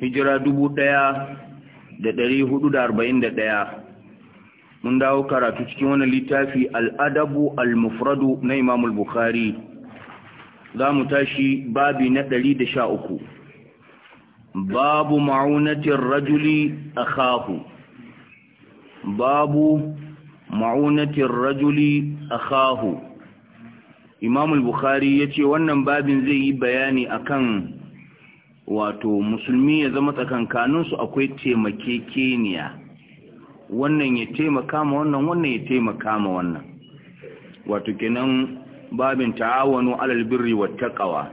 hijira dubu ɗaya da ɗari hudu da arba'in da ɗaya mun dawo karatu cikin wani littafi al'adabu al-mufradu na imamul bukhari za mu tashi babi na ɗari da sha uku babu ma'unatin rajuli a khahu babu ma'unatin rajuli a khahu imamul bukhari ya ce wannan babin zai yi bayani akan wato musulmi ya zama tsakankaninsu akwai taimakekeniya wannan ya taimaka ma wannan wannan ya taimaka ma wannan wato kenan babin ta'awanu alal birri wat taqwa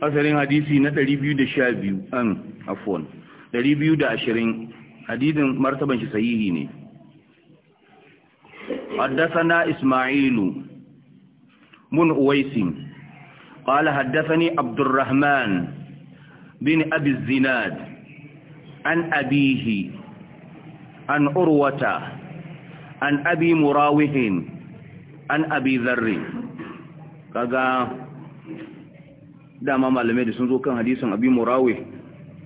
asalin hadisi na 212 an afwan 220 hadisin martaban shi sahihi ne حدثنا إسماعيل بن أويس قال حدثني عبد الرحمن bin abi zinad an abihi an urwata an abi murawihin an abi zarri kaga dama malamai da sun zo kan hadisin abi murawih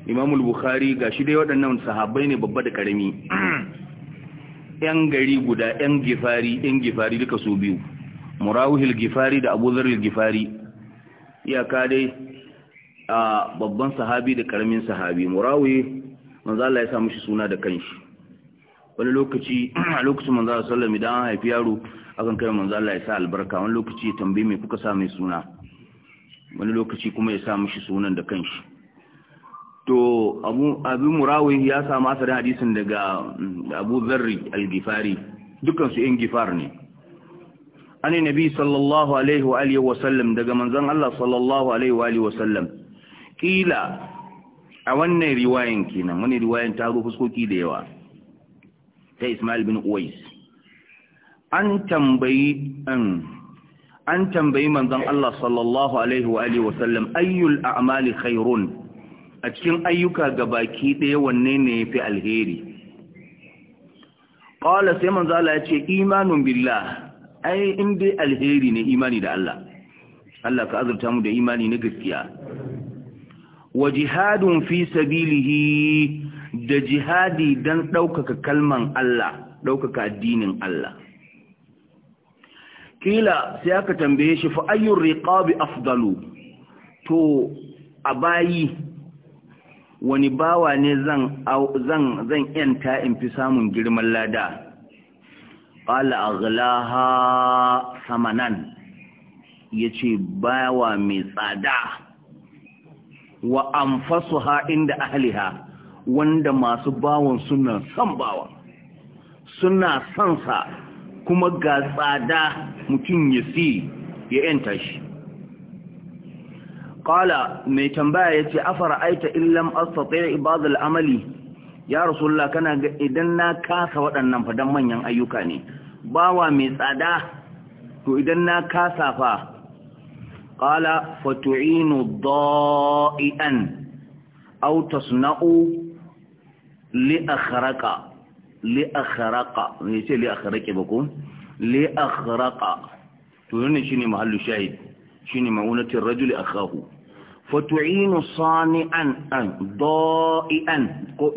imamul bukhari ga shi dai waɗannan sahabbai ne babba da ƙarami yan gari guda yan gifari ƴan gifari duka su biyu murawihil gifari da abu gifari iyaka dai babban sahabi da karamin sahabi murawi manzo Allah ya sa mishi suna da kanshi wani lokaci a lokacin manzo Allah sallallahu idan an haifi yaro akan kai manzo Allah ya sa albarka wani lokaci ya tambaye me kuka sa mai suna wani lokaci kuma ya sa mishi sunan da kanshi to abu abu murawi ya samu asarin hadisin daga mm, Abu Zarri al gifari dukan su yan gifar ne ani nabi sallallahu alaihi wa alihi wa sallam daga manzon Allah sallallahu alaihi wa alihi wa sallam ƙila a wannan riwayan kenan wani riwayan ta fuskoki da yawa ta Ismail bin Uwais an tambayi an an tambayi manzon Allah sallallahu alaihi wa alihi sallam ayyul a'mali khairun a cikin ayyuka ga baki ɗaya wanne ne yafi alheri qala sai manzo Allah ya ce imanun billah ai in dai alheri ne imani da Allah Allah ka azurta mu da imani na gaskiya wa jihadun fi sabilihi da jihadi don ɗaukaka kalman Allah ɗaukaka addinin Allah kila sai aka tambaye shi fa ayyur riqabi afdalu to a bayi wani bawa ne zan zan zan yanta in fi samun girman lada qala aghlaha samanan yace bawa mai tsada wa anfasuha inda ahliha wanda masu bawon suna san bawa suna son sa kuma ga tsada mutum ya ya yanta shi qala mai tambaya yace afara aita illam astati ibad al-amali ya rasulullah kana ga idan na kasa waɗannan fadan manyan ayyuka ne bawa mai tsada to idan na kasa fa قال فتعين ضائئا أو تصنع لأخرق لأخرق ليس لأخرق بكم لأخرق تقولون شيني محل الشاهد شيني معونة الرجل أخاه فتعين صانعا ضائئا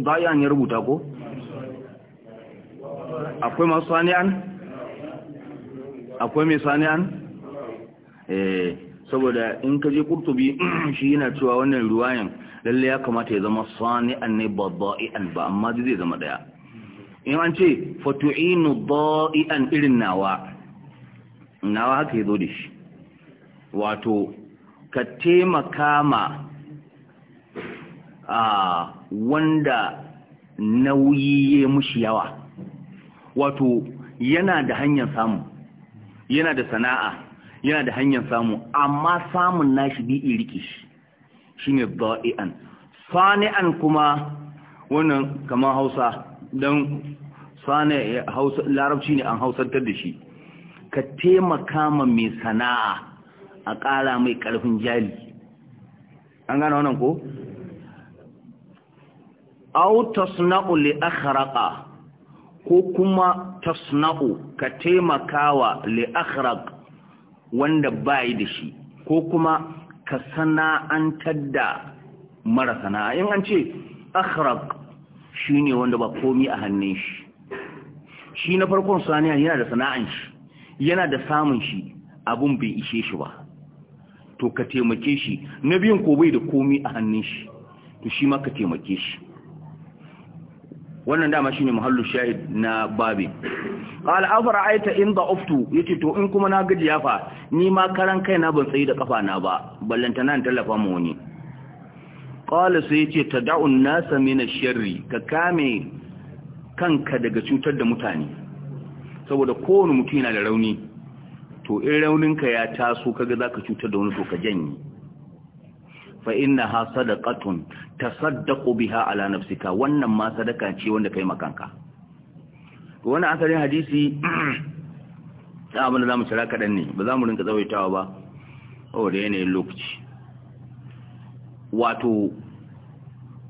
ضائئا يربطاكو akwai صانعا sani'an? صانعا إيه. saboda in ka je kurtubi shi yana cewa wannan ruwayan lalle ya kamata ya zama sani'an ne ba da'i'an ba amma zai zama daya in an ce fatu'inu da'i'an irin nawa nawa haka zo da shi wato ka taimaka ma a wanda nauyi ya mushi yawa wato yana da hanyar samu yana da sana'a yana da hanyar samu amma samun nashi bi iriki shi shine dha'ian sani'an kuma wannan kamar Hausa dan sani Hausa larabci ne an hausantar da shi ka taimaka ma mai sana'a a ƙara mai ƙarfin jali an gane wannan ko aw tasna'u li akhraqa ko kuma tasna'u ka taimakawa li akhraq wanda ba yi da shi ko kuma ka sana'antar da mara sana'a in an ce akhraq shine wanda ba komi a hannun shi shi na farkon saniya yana da sana'an shi yana da samun shi abun bai ishe shi ba to ka taimake shi na biyun ko bai da komi a hannun shi to shi ma ka taimake shi wannan dama shine muhallu shahid na babi qala aita in da'uftu yace to in kuma na gaji yafa ni ma karan kaina ban tsayi da kafa na ba ballanta nan tallafa mu wani qala sai yace tad'u an-nasa min ash-sharri ka kame kanka daga cutar da mutane saboda kowane mutum yana da rauni to in rauninka ya taso kaga zaka cutar da wani to ka janye fa ha sadaqatun tasaddaqu biha ala nafsika wannan ma sadaka ce wanda kai makanka wannan asalin hadisi da abin da zamu tsara kadan ne ba zamu rinka tsawaitawa ba da yanayin lokaci wato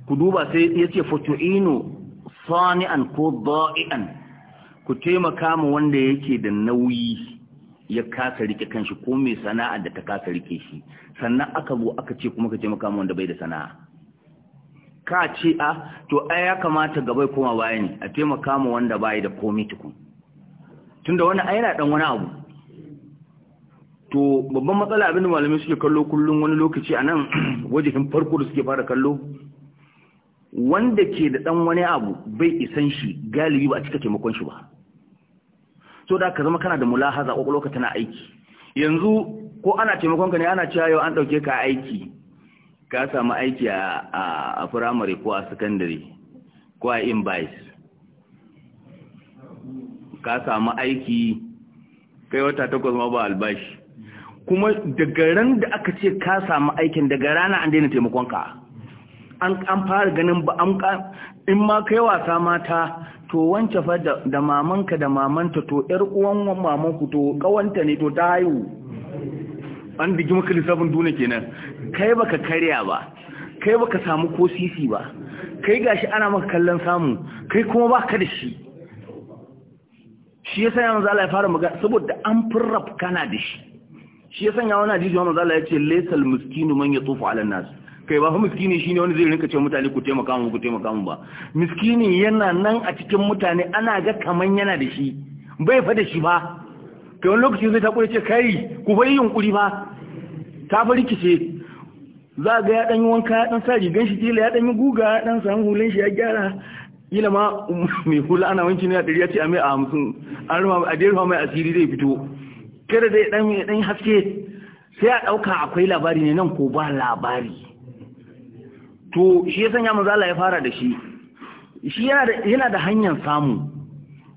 ku duba sai yace fatu'inu sani'an ko da'i'an ku taimaka mu wanda yake da nauyi ya kasa rike kanshi ko mai sana'a da ta kasa rike shi sannan aka zo aka ce kuma ka taimaka mu wanda bai da sana'a ka ce a ah, to ai ya kamata ga bai koma baya ne a taimaka mu wanda bai da komai tukun tunda wani ai yana dan wani abu to babban matsala abinda malamai suke kallo kullum wani lokaci a nan wajen farko da suke fara kallo wanda ke da dan wani abu bai isan shi galibi ba a cika taimakon shi ba so da ka zama kana da mulahaza ko tana aiki yanzu ko ana taimakon ka ne ana cewa yau an ɗauke ka aiki ka samu aiki a firamare ko a sakandare ko a invice ka samu aiki kai wata takwas ma ba albashi kuma daga ran da aka ce ka samu aikin daga rana an daina taimakon ka an fara ganin ba an in ma kai wasa mata to wance fa da mamanka da mamanta to ƴar uwan mamanku to kawanta ne to ta haihu an bigi maka lissafin duna kenan kai baka karya ba kai baka samu ko sisi ba kai gashi ana maka kallon samu kai kuma baka da shi shi yasa ya manzo Allah ya fara magana saboda an firrafa kana da shi shi yasa ya wani hadisi ya manzo Allah ya ce laysal miskinu man yatufu ala nas kai ba fa miskini shine wani zai rinka ce mutane ku taimaka mu ku taimaka mu ba miskini yana nan a cikin mutane ana ga kaman yana da shi bai fa da shi ba kai wani lokaci zai ta kure ce kai ku bai yunkuri ba ta bari kice za ga ya dan yi wanka ya dan sa rigan shi ya dan yi guga ya dan samu hulun shi ya gyara kila ma mai hula ana wanki ne a dariya ce a mai a hamsin an ruwa a dariya mai asiri zai fito kada zai dan yi haske sai a ɗauka akwai labari ne nan ko ba labari to shi ya sanya manzo Allah ya fara da shi shi yana da hanyar samu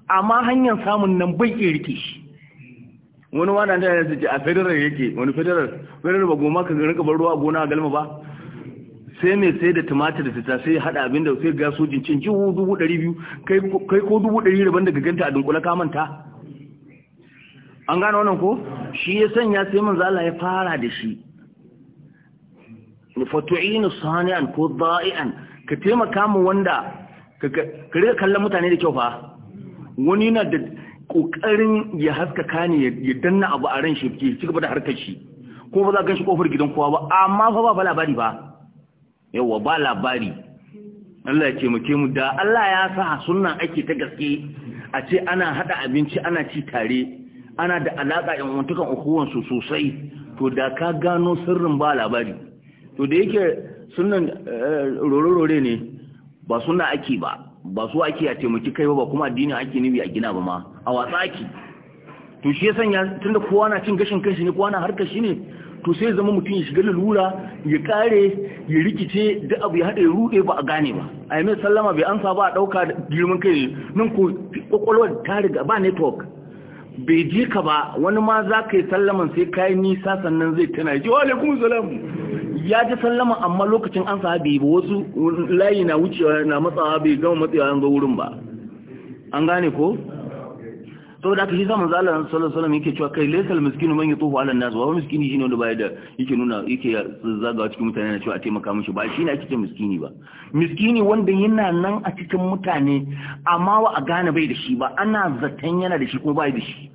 amma hanyar samun nan bai iya rike shi wani wanda da ya zai a federal yake wani federal federal ba goma ka rinka bar ruwa gona galma ba sai mai sai da tumatir da fita sai hada abin da sai ga sojin cin jihu dubu ɗari biyu kai ko dubu ɗari daban daga ganta a dunkula kamanta an gano wannan ko shi ya sanya sai manzo Allah ya fara da shi fatu'inu sani'an ko da'i'an ka taimaka mu wanda ka rika kallon mutane da kyau fa wani yana da ƙoƙarin ya haskaka ne ya danna abu a ran shi ci gaba da harkar shi ko ba za ka shi kofar gidan kowa ba amma fa ba labari ba yawa ba labari Allah ya ce mu mu da Allah ya sa sunnan ake ta gaske a ce ana hada abinci ana ci tare ana da alaka yan wantukan ukuwan su sosai to da ka gano sirrin ba labari to da yake sunan eh, rore ne ba suna ake ba ba su ake a taimaki kai ba kuma addini ake nubi a gina ba ma a watsa ake to shi ya sanya tunda kowa na cin gashin kai shi ne kowa na harkar shi ne to sai zama mutum ya shiga lalura ya kare ya rikice da abu ya haɗe ya ruɗe ba a gane ba a yi mai sallama bai ansa ba a ɗauka girman kai nan ko ƙwaƙwalwar ta riga ba network bai ji ka ba wani ma za ka yi sallaman sai kayan nisa sannan zai tana ya ce wa alaikun salam ya ji sallama amma lokacin an sa bai ba wasu layi na wucewa na matsawa bai gama matsawa an zo wurin ba an gane ko to da aka shi samun zalar salasalam yake cewa kai laisal miskinu man yi tsoho alan nasu wawan miskini shi ne wanda baya da yake nuna yake zaga cikin mutane na cewa a taimaka mashi ba shi ne ake ce miskini ba miskini wanda yana nan a cikin mutane amma wa a gane bai da shi ba ana zaton yana da shi kuma bai da shi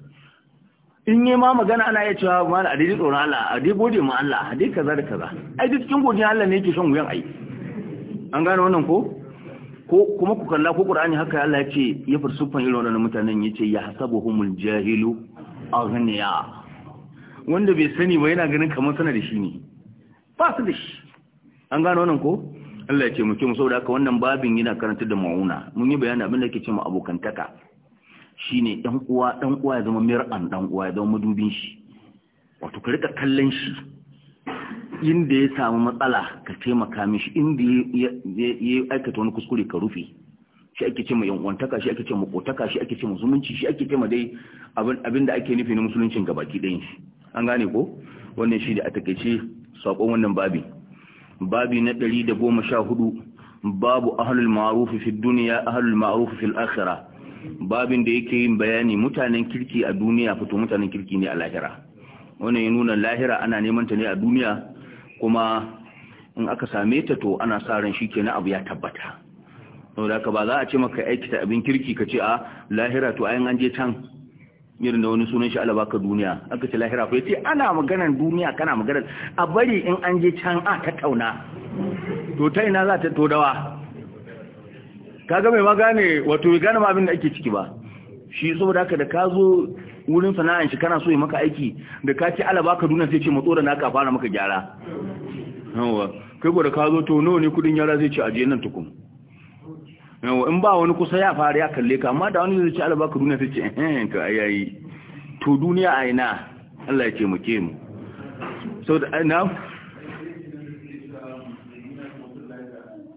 in yi ma magana ana iya cewa ma a daidai tsoron Allah a daidai gode ma Allah a daidai kaza da kaza ai duk cikin godiya Allah ne yake son wuyan ai an gane wannan ko ko kuma ku kalla ko Qur'ani haka Allah ya ce ya fursuffan irin wannan mutanen yace ya hasabuhumul jahilu aghniya wanda bai sani ba yana ganin kamar sana da shi ne ba su da shi an gane wannan ko Allah ya ce mu ke mu saboda haka wannan babin yana karanta da mauna mun yi bayani abin da yake cewa abokantaka shi ne uwa dan uwa ya zama mir'an dan uwa ya zama madubin shi wato ka rika kallon shi inda ya samu matsala ka taimaka mishi inda ya aikata wani kuskure ka rufe shi ake ce ma yankwantaka shi ake ce ma kotaka shi ake ce ma zumunci shi ake ce ma dai abin da ake nufi na musuluncin baki ɗayan shi an gane ko wannan shi da a takaice saƙon wannan babi babi na ɗari da goma sha hudu babu ahalul ma'arufi fi duniya ahalul ma'arufi fil akhirah babin da yake yin bayani mutanen kirki a duniya fito mutanen kirki ne a lahira wannan ya nuna lahira ana neman ta ne a duniya kuma in aka same ta to ana sa ran shi kenan abu ya tabbata don haka ba za a ce maka aiki ta abin kirki ka ce a lahira to ayin an je can irin da wani sunan shi Allah ka duniya aka ce lahira fa yace ana maganar duniya kana maganar a bari in an je can a ta to ta ina za ta to dawa kaga mai magane wato bai gane ma abin da ake ciki ba shi saboda haka da ka zo wurin sana'an shi kana so ya maka aiki da ka ci alaba kaduna sai ce matso da naka fara maka gyara yawa kai ko da ka zo to nawa ne kudin yara zai ce aje nan tukun yawa in ba wani kusa ya fara ya kalle ka amma da wani zai ci alaba kaduna sai ce eh ka ayayi to duniya a ina Allah ya ce mu ke mu saboda eh, na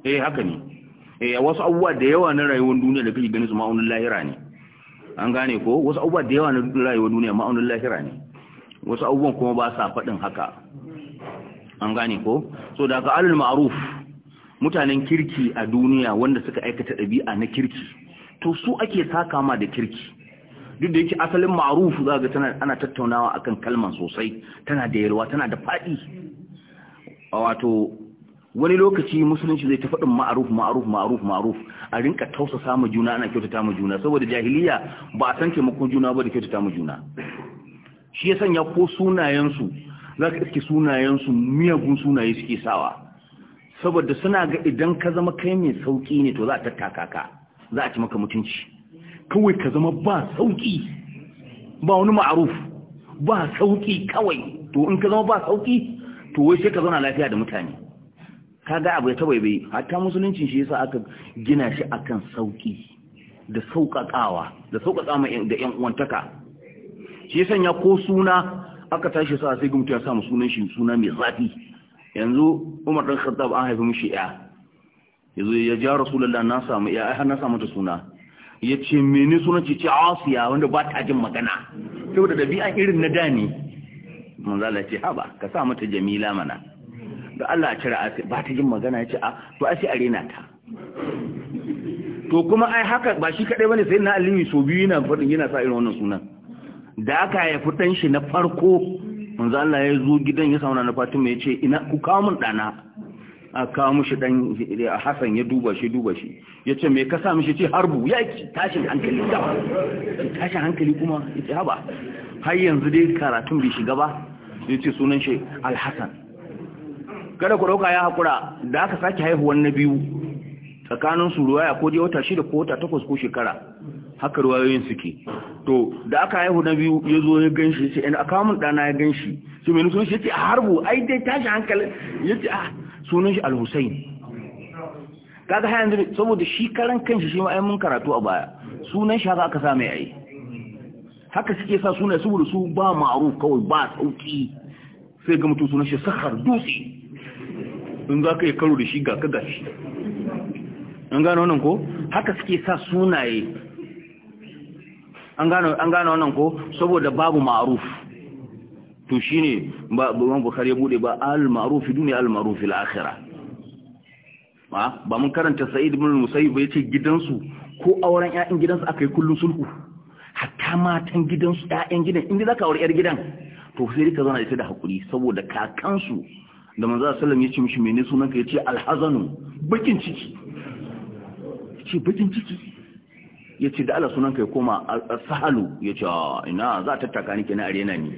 eh haka ne eh wasu abubuwa da yawa na rayuwar duniya da kake ganin su ma'aunin lahira ne an gane ko wasu abubuwa da yawa na rayuwar duniya ma'aunin lahira ne wasu abubuwan kuma ba sa faɗin haka an gane ko so daga alul ma'ruf mutanen kirki a duniya wanda suka aikata ɗabi'a na kirki to su ake saka ma da kirki duk da yake asalin ma'ruf za ga tana ana tattaunawa akan kalman sosai tana da yalwa tana da faɗi wato wani lokaci musulunci zai ta faɗin ma'aruf ma'aruf ma'aruf ma'aruf a rinka tausasa ma juna ana kyautata ma juna saboda jahiliya ba a san taimakon juna ba da kyautata ma juna shi ya sanya ko sunayensu za ka iske sunayensu miyagun sunaye suke sawa saboda suna ga idan ka zama kai mai sauƙi ne to za a tattaka ka za a ci maka mutunci kawai ka zama ba sauƙi ba wani ma'aruf ba sauƙi kawai to in ka zama ba sauƙi to wai sai ka zauna lafiya da mutane kaga abu ya bai hatta musulunci shi yasa aka gina shi akan sauki da sauƙaƙawa da sauƙaƙa da ƴan uwantaka shi yasa ya ko suna aka tashi sa sai gumtu ya samu sunan shi suna mai zafi yanzu Umar dan Khattab an haifi mishi ya yanzu ya ja Rasulullah na samu ya har na samu ta suna yace mene sunan ce ce Asiya wanda ba ta jin magana saboda dabi'a irin na dani manzo Allah ce haba ka sa mata Jamila mana da Allah a cire asir ba ta jin magana ya ce a ah, to a ce a rena ta to kuma ai haka ba shi kaɗai bane sai na alimi so biyu yana fadin yana sa irin wannan sunan da aka ya fitan shi na farko manzo Allah ya zo gidan ya sauna na Fatima ya ce ina ku kawo mun ɗana a kawo mishi dan Hassan ya duba shi duba shi ya ce me ka sa mishi ce harbu ya ci tashin hankali gaba tashin hankali kuma ya ce haba har yanzu dai karatun bai shiga ba ya ce sunan shi Alhassan kada ku roka ya hakura da aka sake haihuwar na biyu tsakanin su ruwaya ko dai wata shida ko wata takwas ko shekara haka ruwayoyin suke to da aka haihu na biyu ya zo ya ganshi sai ina aka mun dana ya ganshi sai mai nufin shi ce a harbu ai dai tashi hankali ce a ah, sunan shi al-Husayn kaga har yanzu saboda shi karan kanshi shi ma ai mun karatu a baya sunan shi haka aka sa mai ai haka suke sa sunan saboda su ba ma'ruf kawai ba sauki sai ga mutum sunan shi sakar dutse in za ka yi karo da shi ga ka gashi an gano wannan ko haka suke sa sunaye an gano wannan ko saboda babu ma'aruf to shi ne ba buwan bukari ya bude ba al-ma'arufi duniya al-ma'arufi la'akira ba mun karanta sa'id bin musayi ba ce gidansu ko auren ya'in gidansu aka yi kullum sulhu hatta matan gidansu ya'in gidan inda ka auri 'yar gidan to sai rika zana da ita da haƙuri saboda kakansu da manzo sallam ya ce mishi mene sunan ka yace alhazanu bakin ciki ce bakin ciki yace da Allah sunan ka ya koma sahalu yace ah, ina za ta taka ni kenan arena ni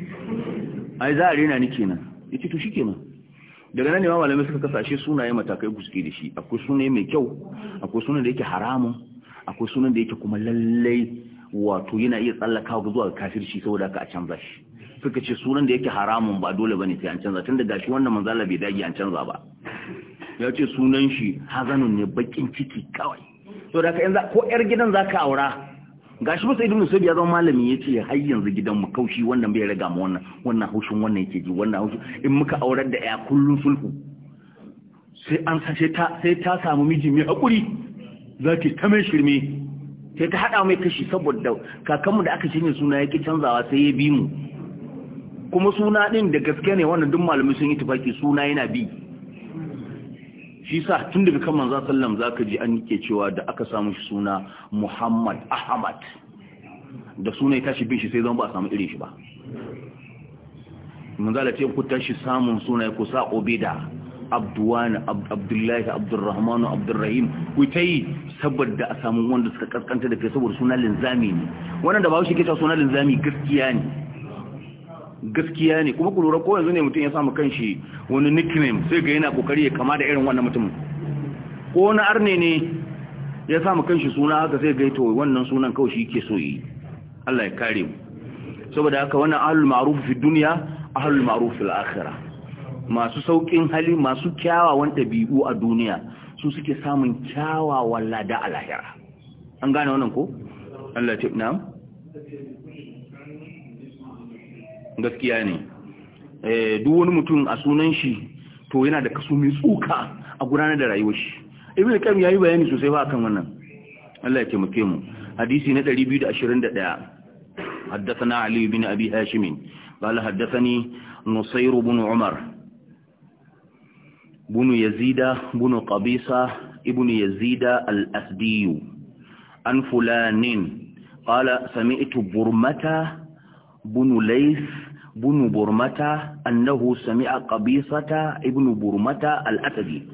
ai za arena ni kenan yace to shikenan daga nan ne malamai suka kasashe sunaye matakai guske da shi akwai sunaye mai kyau akwai sunan da yake haramun akwai sunan da yake kuma lallai wato yana iya tsallaka zuwa kafirci saboda ka a canza shi suka ce sunan da yake haramun ba dole bane sai an canza tunda gashi wannan manzala bai dage an canza ba ya ce sunan shi hazanun ne bakin ciki kawai to da ka ko yar gidan zaka aura gashi musa ibnu sabi ya zama malami ya ce har yanzu gidan mu kaushi wannan bai raga mu wannan wannan haushin wannan yake ji wannan haushin in muka aurar da ya kullun sulhu sai an sace ta sai ta samu miji mai hakuri zaki ta mai shirme sai ta hada mai kashi saboda kakanmu da aka shirye suna yake canzawa sai ya bi mu kuma suna ɗin da gaske ne wannan duk malamai sun yi tufaki suna yana bi shi sa tun daga kan manzo sallam zaka ji an yake cewa da aka samu shi suna Muhammad Ahmad da suna ya tashi bin shi sai zan ba a samu irin shi ba manzo Allah ce ku tashi samun suna ku sa Obeda Abduwan Abdullahi Abdurrahman Abdurrahim ku tayi saboda a samu wanda suka kaskanta da kai saboda suna linzami ne wannan da ba shi ke suna linzami gaskiya ne gaskiya ne kuma ku lura ko yanzu ne mutum ya samu kanshi wani nickname sai ga yana kokari ya kama da irin wannan mutum. ko wani arne ne ya samu kanshi suna haka sai ga to wannan sunan kawai shi yake so yi Allah ya kare mu saboda haka wannan ahlul ma'ruf fi dunya ahlul ma'ruf fil akhirah masu saukin hali masu kyawawan dabi'u a duniya su suke samun kyawawan lada a lahira an gane wannan ko Allah ya ce na'am gaskiya ne eh, duk wani mutum a sunan shi to yana da kaso mai tsuka a gudanar da rayuwar shi ibn al ya yi bayani sosai ba akan wannan Allah ya taimake mu hadisi na 221 حدثنا علي بن أبي هاشم قال حدثني نصير بن عمر بن يزيد بن قبيصة ابن يزيد الأسدي عن فلان قال سمعت برمة بن ليث ibnu burmata annahu sami'a qabisata ibnu burmata al-atabi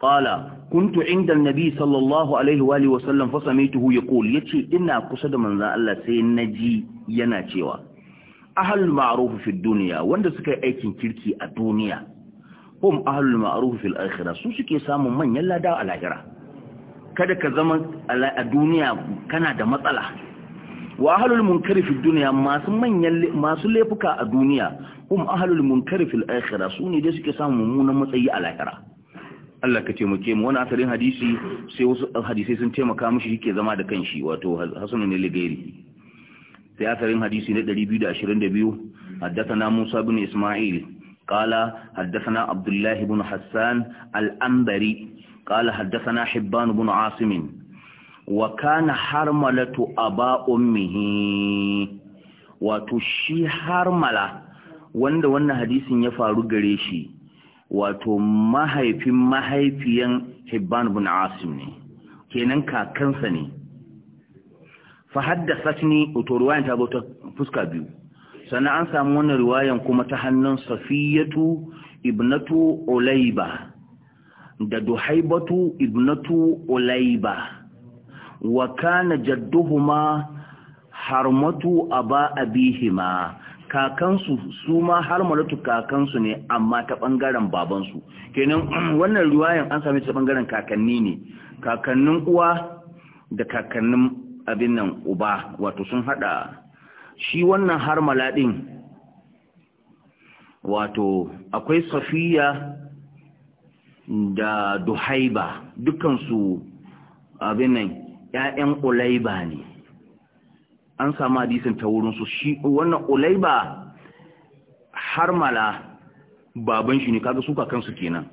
qala kuntu 'inda an-nabi sallallahu alayhi wa alihi wa sallam fa sami'tuhu yaqul yace ina kusa da manzon Allah sai na ji yana cewa ahlul ma'ruf fi ad wanda suka yi aikin kirki a duniya hum ahlul ma'ruf fi al su suke samun manyan lada a lahira kada ka zama a duniya kana da matsala wa ahlul munkari fi duniya masu manyan masu laifuka a duniya um ahlul munkari fil akhirah su ne da suke samu mummunan matsayi a lahira Allah ka taimake mu wani asarin hadisi sai wasu hadisai sun taimaka mishi yake zama da kanshi wato Hasan ne Ligairi sai asarin hadisi na 222 haddathana Musa bin Isma'il qala haddathana Abdullah ibn Hassan al-Anbari qala haddathana Hibban ibn Asim wa kana harmalatu aba ummihi wato shi harmala wanda wannan hadisin ya faru gare shi wato mahaifin mahaifiyan Hibban bin Asim ne kenan kakansa ne fa haddathatni to riwayan ta zo ta fuska biyu sannan an samu wannan riwayan kuma ta hannun Safiyatu ibnatu Ulayba da Duhaibatu ibnatu Ulayba wa kana jadduhuma harmatu aba abihima kakansu su ma har malatu kakansu ne amma ta bangaren babansu kenan wannan riwayan an same ta bangaren kakanni ne kakannin uwa da kakannin abin nan uba wato sun hada shi wannan har maladin wato akwai safiya da duhaiba dukansu abin nan ‘ya'yan Ulaiba ne, an samu hadisin ta wurinsu shi wannan Ulaiba har mala baban shi ne kaga suka kansu kenan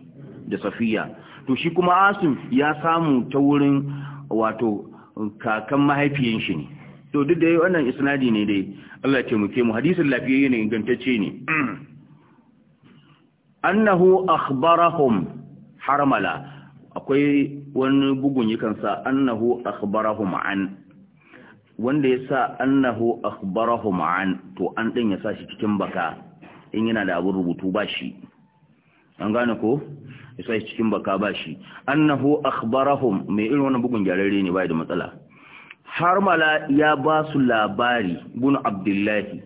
da safiya. To shi kuma Asim ya samu ta wurin wato kakan mahaifiyan shi ne. To duk da wannan isnadi ne dai Allah ce muke mu hadisin lafiyayye ne ingantacce ne. Annahu akhbarahum harmala akwai wani bugun yakan sa annahu akhbarahum an wanda ya sa annahu akhbarahum an to an din ya sa shi cikin baka in yana da abin rubutu ba shi an gane ko ya sa shi cikin baka ba shi annahu akhbarahum mai irin wani bugun gyararre ne bai da matsala har mala ya ba su labari bin abdullahi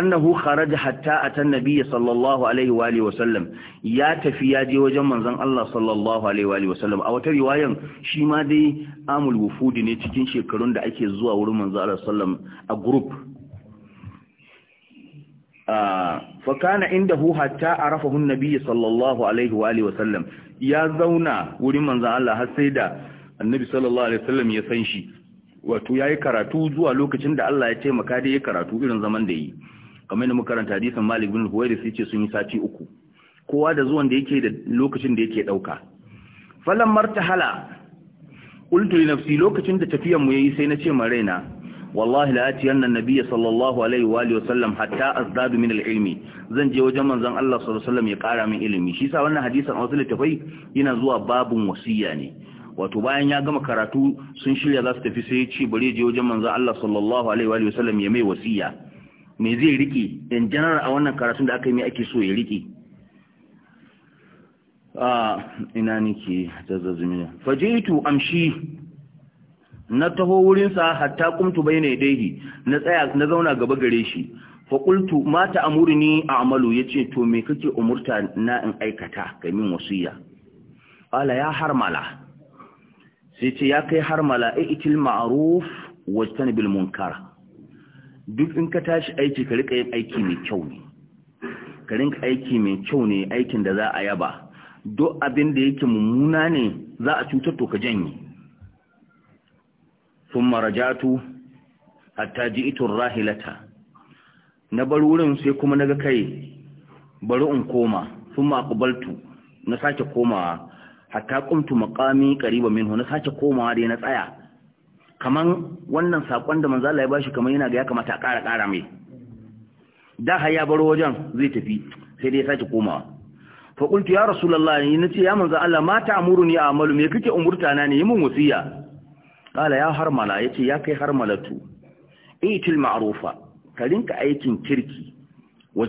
annahu kharaja hatta atan nabiy sallallahu alaihi wa alihi wasallam ya tafi ya je wajen manzon Allah sallallahu alaihi wa alihi wasallam a wata riwayan shi ma dai amul wufudi ne cikin shekarun da ake zuwa wurin manzon Allah sallam a group fa kana indahu hatta arafahu an-nabiy sallallahu alaihi wa alihi wasallam ya zauna wurin manzon Allah har sai da annabi sallallahu alaihi wasallam ya san shi wato yayi karatu zuwa lokacin da Allah ya taimaka da yayi karatu irin zaman da yi kamar da makaranta hadisin Malik bin Huwairi sai ce sun yi sati uku kowa da zuwan da yake da lokacin da yake dauka falan martahala qultu li nafsi lokacin da tafiyan mu yayi sai na ce ma raina wallahi la atiyanna an-nabiy sallallahu alaihi wa alihi wasallam hatta azdadu min al-ilmi zan je wajen manzon Allah sallallahu alaihi ya kara min ilimi shi sa wannan hadisin a wasu littafai yana zuwa babun wasiya ne wato bayan ya gama karatu sun shirya za su tafi sai ya ce bari je wajen manzon Allah sallallahu alaihi wa alihi wasallam ya mai wasiya me zai riƙe? in general a wannan karatun da aka yi me ake so ya riƙe. a ina fajitu amshi na taho wurinsa hatta kumtu bai ya yadayhi na tsaya na zauna gaba gare shi Faƙultu mata amuri ne a a'malu ya ce to me kake umurta na in aikata ga min wasiya Ala ya harmala sai ce ya kai harmala itil ma'aruf wajtanibil munkar duk in ka tashi aiki ka rika yin aiki mai kyau ne ka rinka aiki mai kyau ne aikin da za a yaba duk abin da yake mummuna ne za a cutar to ka janye thumma rajatu hatta ji'tu rahilata na bar wurin sai kuma na ga kai bari in koma thumma aqbaltu na sake komawa hatta qumtu maqami qariba minhu na sake komawa dai na tsaya kaman wannan sakon da manzo Allah ya bashi kaman yana ga ya kamata a ƙara ƙara mai da har ya bar wajen zai tafi sai dai ya sake komawa fa qultu ya rasulullah ni nace ya manzo Allah ma ni a'malu me kake umurta na ne yi min wasiya kala ya harmala yace ya kai harmalatu itil ma'rufa ka rinka aikin kirki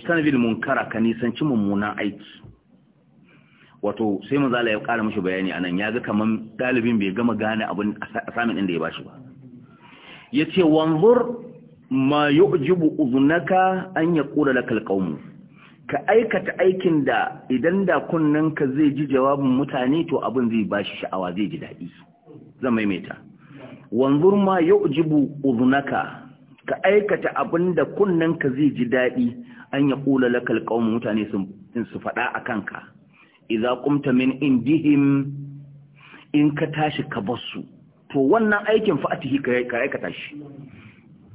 tanbil munkara ka nisanci mummunan aiki wato sai manzo Allah ya kara mishi bayani anan ya ga kaman dalibin bai gama gane abin assignment din da ya bashi ba yace wanzur ma yu'jibu uznaka an yaqula lakal qawm ka aikata aikin da idan da kunnanka zai ji jawabin mutane to abin zai bashi sha'awa zai ji dadi zan maimaita wanzur ma yu'jibu uznaka ka aikata abin da kunnanka zai ji dadi an yaqula lakal qawm mutane sun su fada akan ka idza qumta min indihim in ka tashi ka bar su to wannan aikin fa'atihi ka aikata shi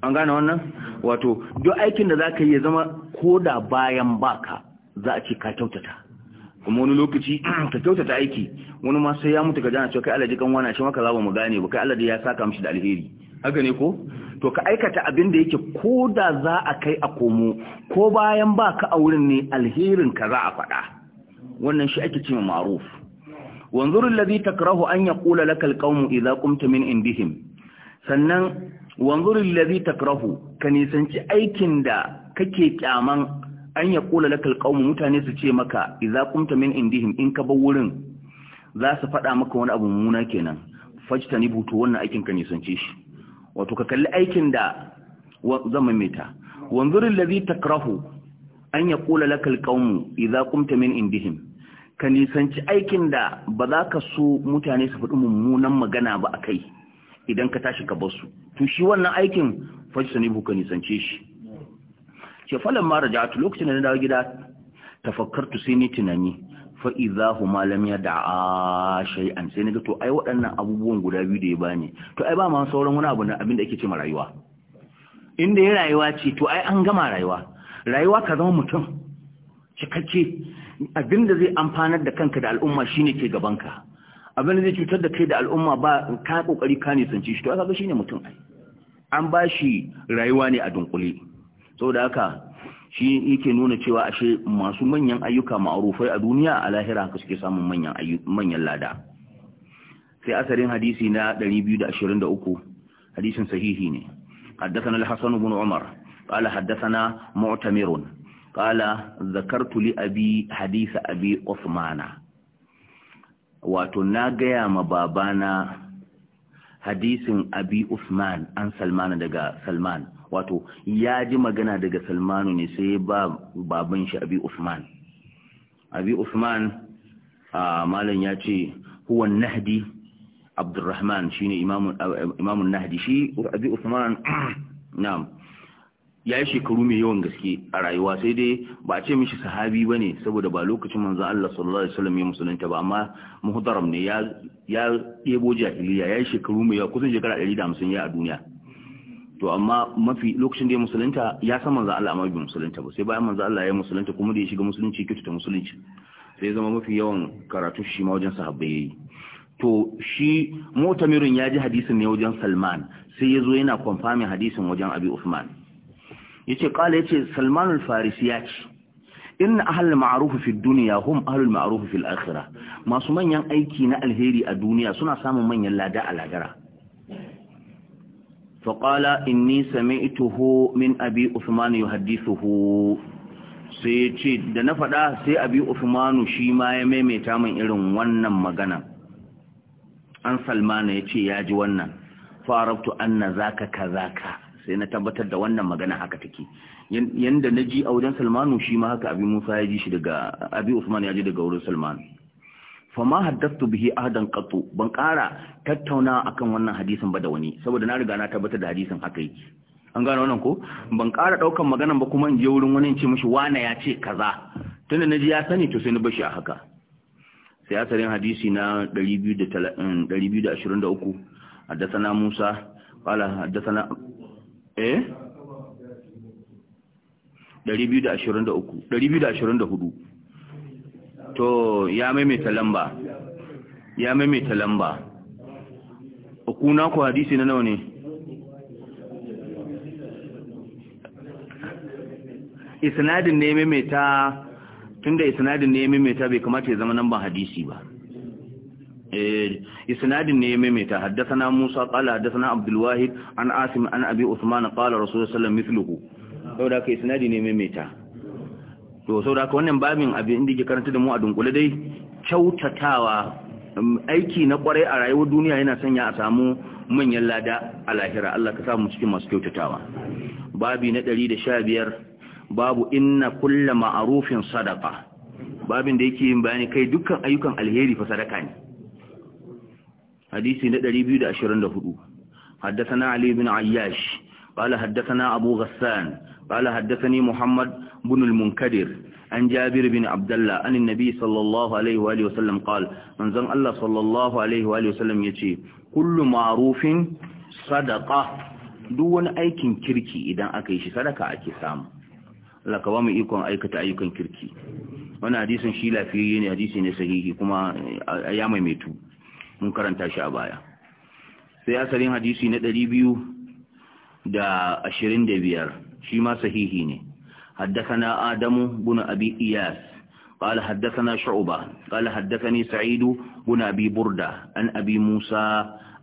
an gane wannan wato duk aikin da zaka yi ya zama koda bayan baka za a ce ka kyautata kuma wani lokaci ka kyautata aiki wani ma sai ya mutu ka jana cewa kai Allah kan wani ce maka za mu gane ba kai Allah ya saka mishi da alheri haka ne ko to ka aikata abin da yake koda za a kai a komo ko bayan baka a wurin ne alherin ka za a faɗa wannan shi ake cewa ma'ruf wanzur alladhi takrahu an yaqula laka alqawmu idha qumta min indihim sannan wanzur alladhi takrahu ka nisanci aikin da kake kyaman an ya yaqula laka alqawmu mutane su ce maka idza qumta min indihim in ka bar wurin za su faɗa maka wani abu mummuna kenan fajtani buto wannan aikin ka nisanci shi wato ka kalli aikin da zama meta wanzur alladhi takrahu an yaqula laka alqawmu idza qumta min indihim ka nisanci aikin da ba za ka so mutane su faɗi mummunan magana ba a kai idan ka tashi ka bar su to shi wannan aikin fajisa ne ka nisance shi ce falon mara tu lokacin da na dawo gida tafakkartu sai ni tunani fa'iza huma lam ya shay'an sai ni ga ai waɗannan abubuwan guda biyu da ya bani to ai ba ma sauran wani abu na abin da ake ce ma rayuwa inda ya rayuwa ce to ai an gama rayuwa rayuwa ka zama mutum cikakke abin da zai amfanar da kanka da al'umma shine ke gabanka abin da zai cutar da kai da al'umma ba ka kokari ka ne sun ci shi to aka shine mutum ai an ba shi rayuwa ne a dunkule saboda haka shi yake nuna cewa ashe masu manyan ayyuka ma'arufai a duniya a lahira haka suke samun manyan manyan lada sai asarin hadisi na 223 hadisin sahihi ne حدثنا الحسن بن عمر قال حدثنا معتمر qala zakartu li abi hadisa abi usmana wato na gaya ma babana hadisin abi usman an salmana daga salman wato ya ji magana daga salmanu ne sai ba baban shi abi usman abi usman a malam ya ce huwa nahdi abdurrahman shine imamun imamun nahdi shi abi usman na'am ya yi shekaru mai yawan gaske a rayuwa sai dai ba a ce mishi sahabi ba ne saboda ba lokacin manzan Allah sallallahu Alaihi wasallam ya musulunta ba amma muhdaram ne ya ɗebo jahiliya ya yi shekaru mai yawa kusan shekara 150 ya a duniya to amma mafi lokacin da ya musulunta ya san manzan Allah amma bai musulunta ba sai bayan manzan Allah ya musulunta kuma da ya shiga musulunci ya ta musulunci sai zama mafi yawan karatu shi ma wajen sahabbai to shi mutamirin ya ji hadisin ne wajen Salman sai ya zo yana kwamfamin hadisin wajen Abi Uthman yace qala yace Salman al-Farisi ce inna ahlul ma'ruf fi dunya hum ahlul ma'ruf fil akhirah masu manyan aiki na alheri a duniya suna samun manyan lada a ladara fa qala inni sami'tuhu min abi usman yuhaddithuhu sai ce da na faɗa sai abi usmanu shi ma ya maimaita min irin wannan magana an salmana ya ce ya ji wannan farabtu anna zaka kazaka sai na tabbatar da wannan magana haka take yanda na ji a wajen salmanu shi ma haka abi musa ya ji shi daga abi usman ya ji daga wurin salmanu fa ma haddastu bihi ahadan qatu ban ƙara tattauna akan wannan hadisin ba da wani saboda na riga na tabbatar da hadisin haka yake an gano wannan ko ban ƙara daukan maganan ba kuma in je wurin wani in ce mishi wane ya ce kaza tunda na ji ya sani to sai na bashi a haka sai asalin hadisi na 223 حدثنا موسى قال حدثنا eh da 224 to ya maimaita lamba ya maimaita lamba kuna ku hadisi na nawa ne isnadin ne maimaita tunda isnadin ne maimaita bai kamata ya zama nan hadisi ba Eh, isnadin ne ya maimaita haddasana Musa qala haddasana Abdul Wahid an Asim an Abi Uthman qala Rasulullah sallallahu alaihi wasallam mithluhu saboda kai isnadi ne maimaita to saboda ka wannan babin abin inda ke karanta da mu a dunkule dai kyautatawa um, aiki na kwarai a rayuwar duniya yana sanya a samu manyan lada a lahira Allah ka samu cikin masu kyautatawa babi na 115 babu inna kullu ma'rufin sadaqa babin da yake yin bayani kai dukkan ayyukan alheri fa sadaka ne hadisi na 224 حدثنا علي بن عياش قال حدثنا أبو غسان قال حدثني محمد بن المنكدر عن جابر بن عبد الله عن النبي صلى الله عليه وآله وسلم قال من زن الله صلى الله عليه وآله وسلم يتي كل معروف صدقة دون أيكن كركي إذا أكيش صدقة أكي سام لك وما يكون أيكة أيكن كركي وانا حديث شيلا فيه حديث نسهيه كما أيام ميتو mun karanta shi a baya sai asalin hadisi na ɗari biyu da ashirin da biyar shi ma sahihi ne haddasana adamu bin abi iyas قال حدثنا شعبة قال حدثني سعيد بن أبي بردة عن أبي موسى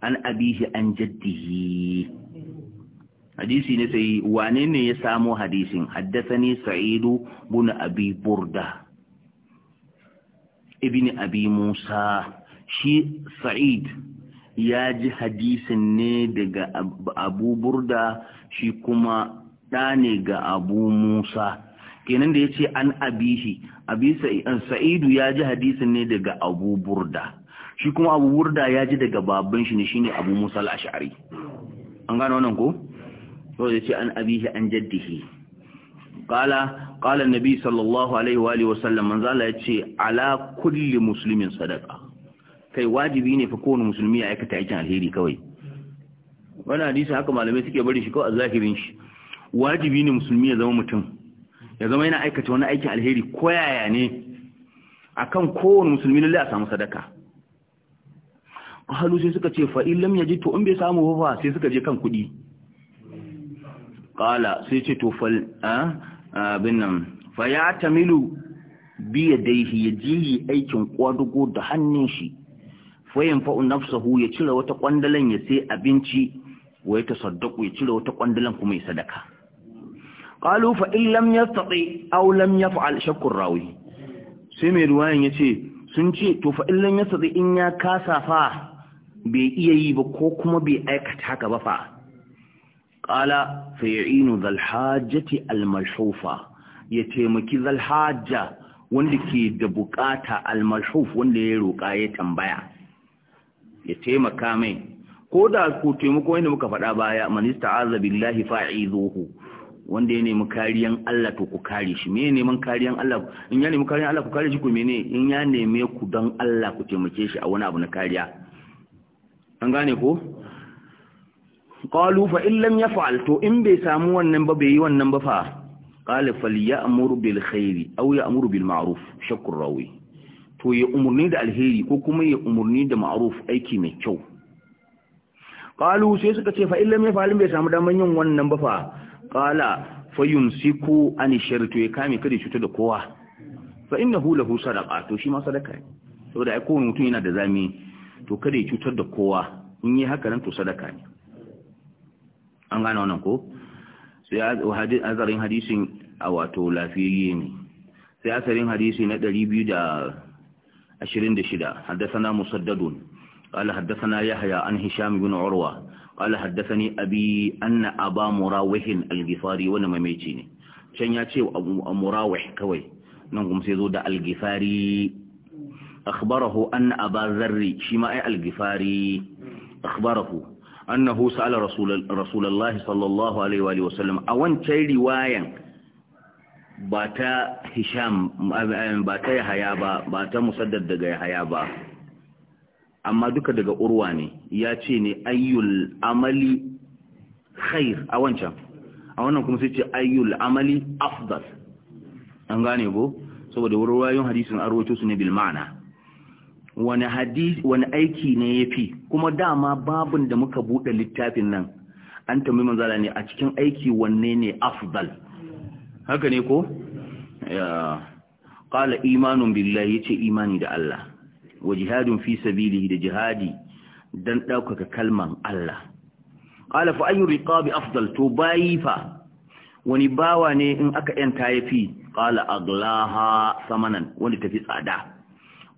عن أبيه عن جده hadisi ne sai wane ne ya samo hadisin haddathani sa'idu bin abi burda ibn abi musa shi sa'id ya ji hadisin ne daga abu burda shi kuma ɗa ne ga abu musa kenan da ya ce an abihi abi sa'idu ya ji hadisin ne daga abu burda shi kuma abu burda ya ji daga babban shi ne ne abu musa al'ashari an gano nan ko? so ya ce an abihi an jaddihi ƙala ƙala nabi sallallahu alaihi wa sallam manzala ya ce ala kulli musulmin sadaka kai wajibi ne fa kowane musulmi ya aikata aikin alheri kawai wani hadisi haka malamai suke bari shi kawai a zahirin shi wajibi ne musulmi ya zama mutum ya zama yana aikata wani aikin alheri yaya ne akan kowane musulmi lalle a samu sadaka ƙahalu sai suka ce lam ya ji to in bai samu ba sai suka je kan kuɗi. Ƙala sai ce to fal abin nan fa ya tamilu bi yadayhi yaji aikin ƙwadugo da hannun shi fayin fa'un nafsahu ya cire wata kwandalan ya sai abinci wa ya tasaddaku ya cire wata ƙwandalan kuma ya sadaka qalu fa in lam yastati aw lam yaf'al shakkur rawi sai mai ruwayan yace sun ce to fa in lam in ya kasa fa bai iya yi ba ko kuma bai aikata haka ba fa Ƙala fa ya'inu dhal ya taimaki zal wanda ke da buƙata al wanda ya roƙa ya tambaya taimaka mai ko da ku taimako inda muka faɗa baya manista azabillahi fa'izuhu wanda ya nemi kariyan Allah to ku kare shi me neman kariyan Allah in ya nemi kariyan Allah ku kare shi ku mene in ya neme ku don Allah ku taimake shi a wani abu na kariya an gane ko qalu fa in lam yaf'al to in bai samu wannan ba bai yi wannan ba fa qala ya'muru bil khairi aw ya'muru bil ma'ruf shakkur rawi to ya umarni da alheri ko kuma ya umarni da ma'aruf aiki mai kyau qalu sai suka ce fa illam yafalin bai samu daman yin wannan ba fa qala si an sharri to ya kame kada cuta da kowa fa innahu lahu sadaqa to shi ma sadaka ne saboda ai kowane mutum yana da zami to kada ya cutar da kowa in yi haka nan to sadaka ne an gane wannan ko sai azarin hadisin a wato lafiyayye ne sai asarin hadisi na 200 26 حدثنا مسدد قال حدثنا يحيى عن هشام بن عروة قال حدثني أبي أن أبا مراوح الغفاري وانا مميتيني كان ياتي مراوح كوي نقوم سيزو دا الغفاري أخبره أن أبا ذري شماء الغفاري أخبره أنه سأل رسول, رسول الله صلى الله عليه وآله وسلم أوان تي رواية ba ta hisham eh, ba ta yahaya ba ba ta musaddad daga yahaya ba amma duka daga urwa ne ya ce ne ayyul amali khair a wancan a wannan kuma sai ce ayyul amali afdal an gane ko saboda wurin hadisin arwato su ne bil ma'ana wani hadis wani aiki ne yafi kuma dama babun da muka bude littafin nan an tambayi manzala ne a cikin aiki wanne ne afdal haka ne ko Ƙala imanun billahi yace imani da Allah wa jihadin fi sabilihi da jihadi dan ɗaukaka kalman Allah qala fa ayyu riqabi afdal to bayi fa wani bawa ne in aka yanta yafi qala aglaha samanan wanda tafi tsada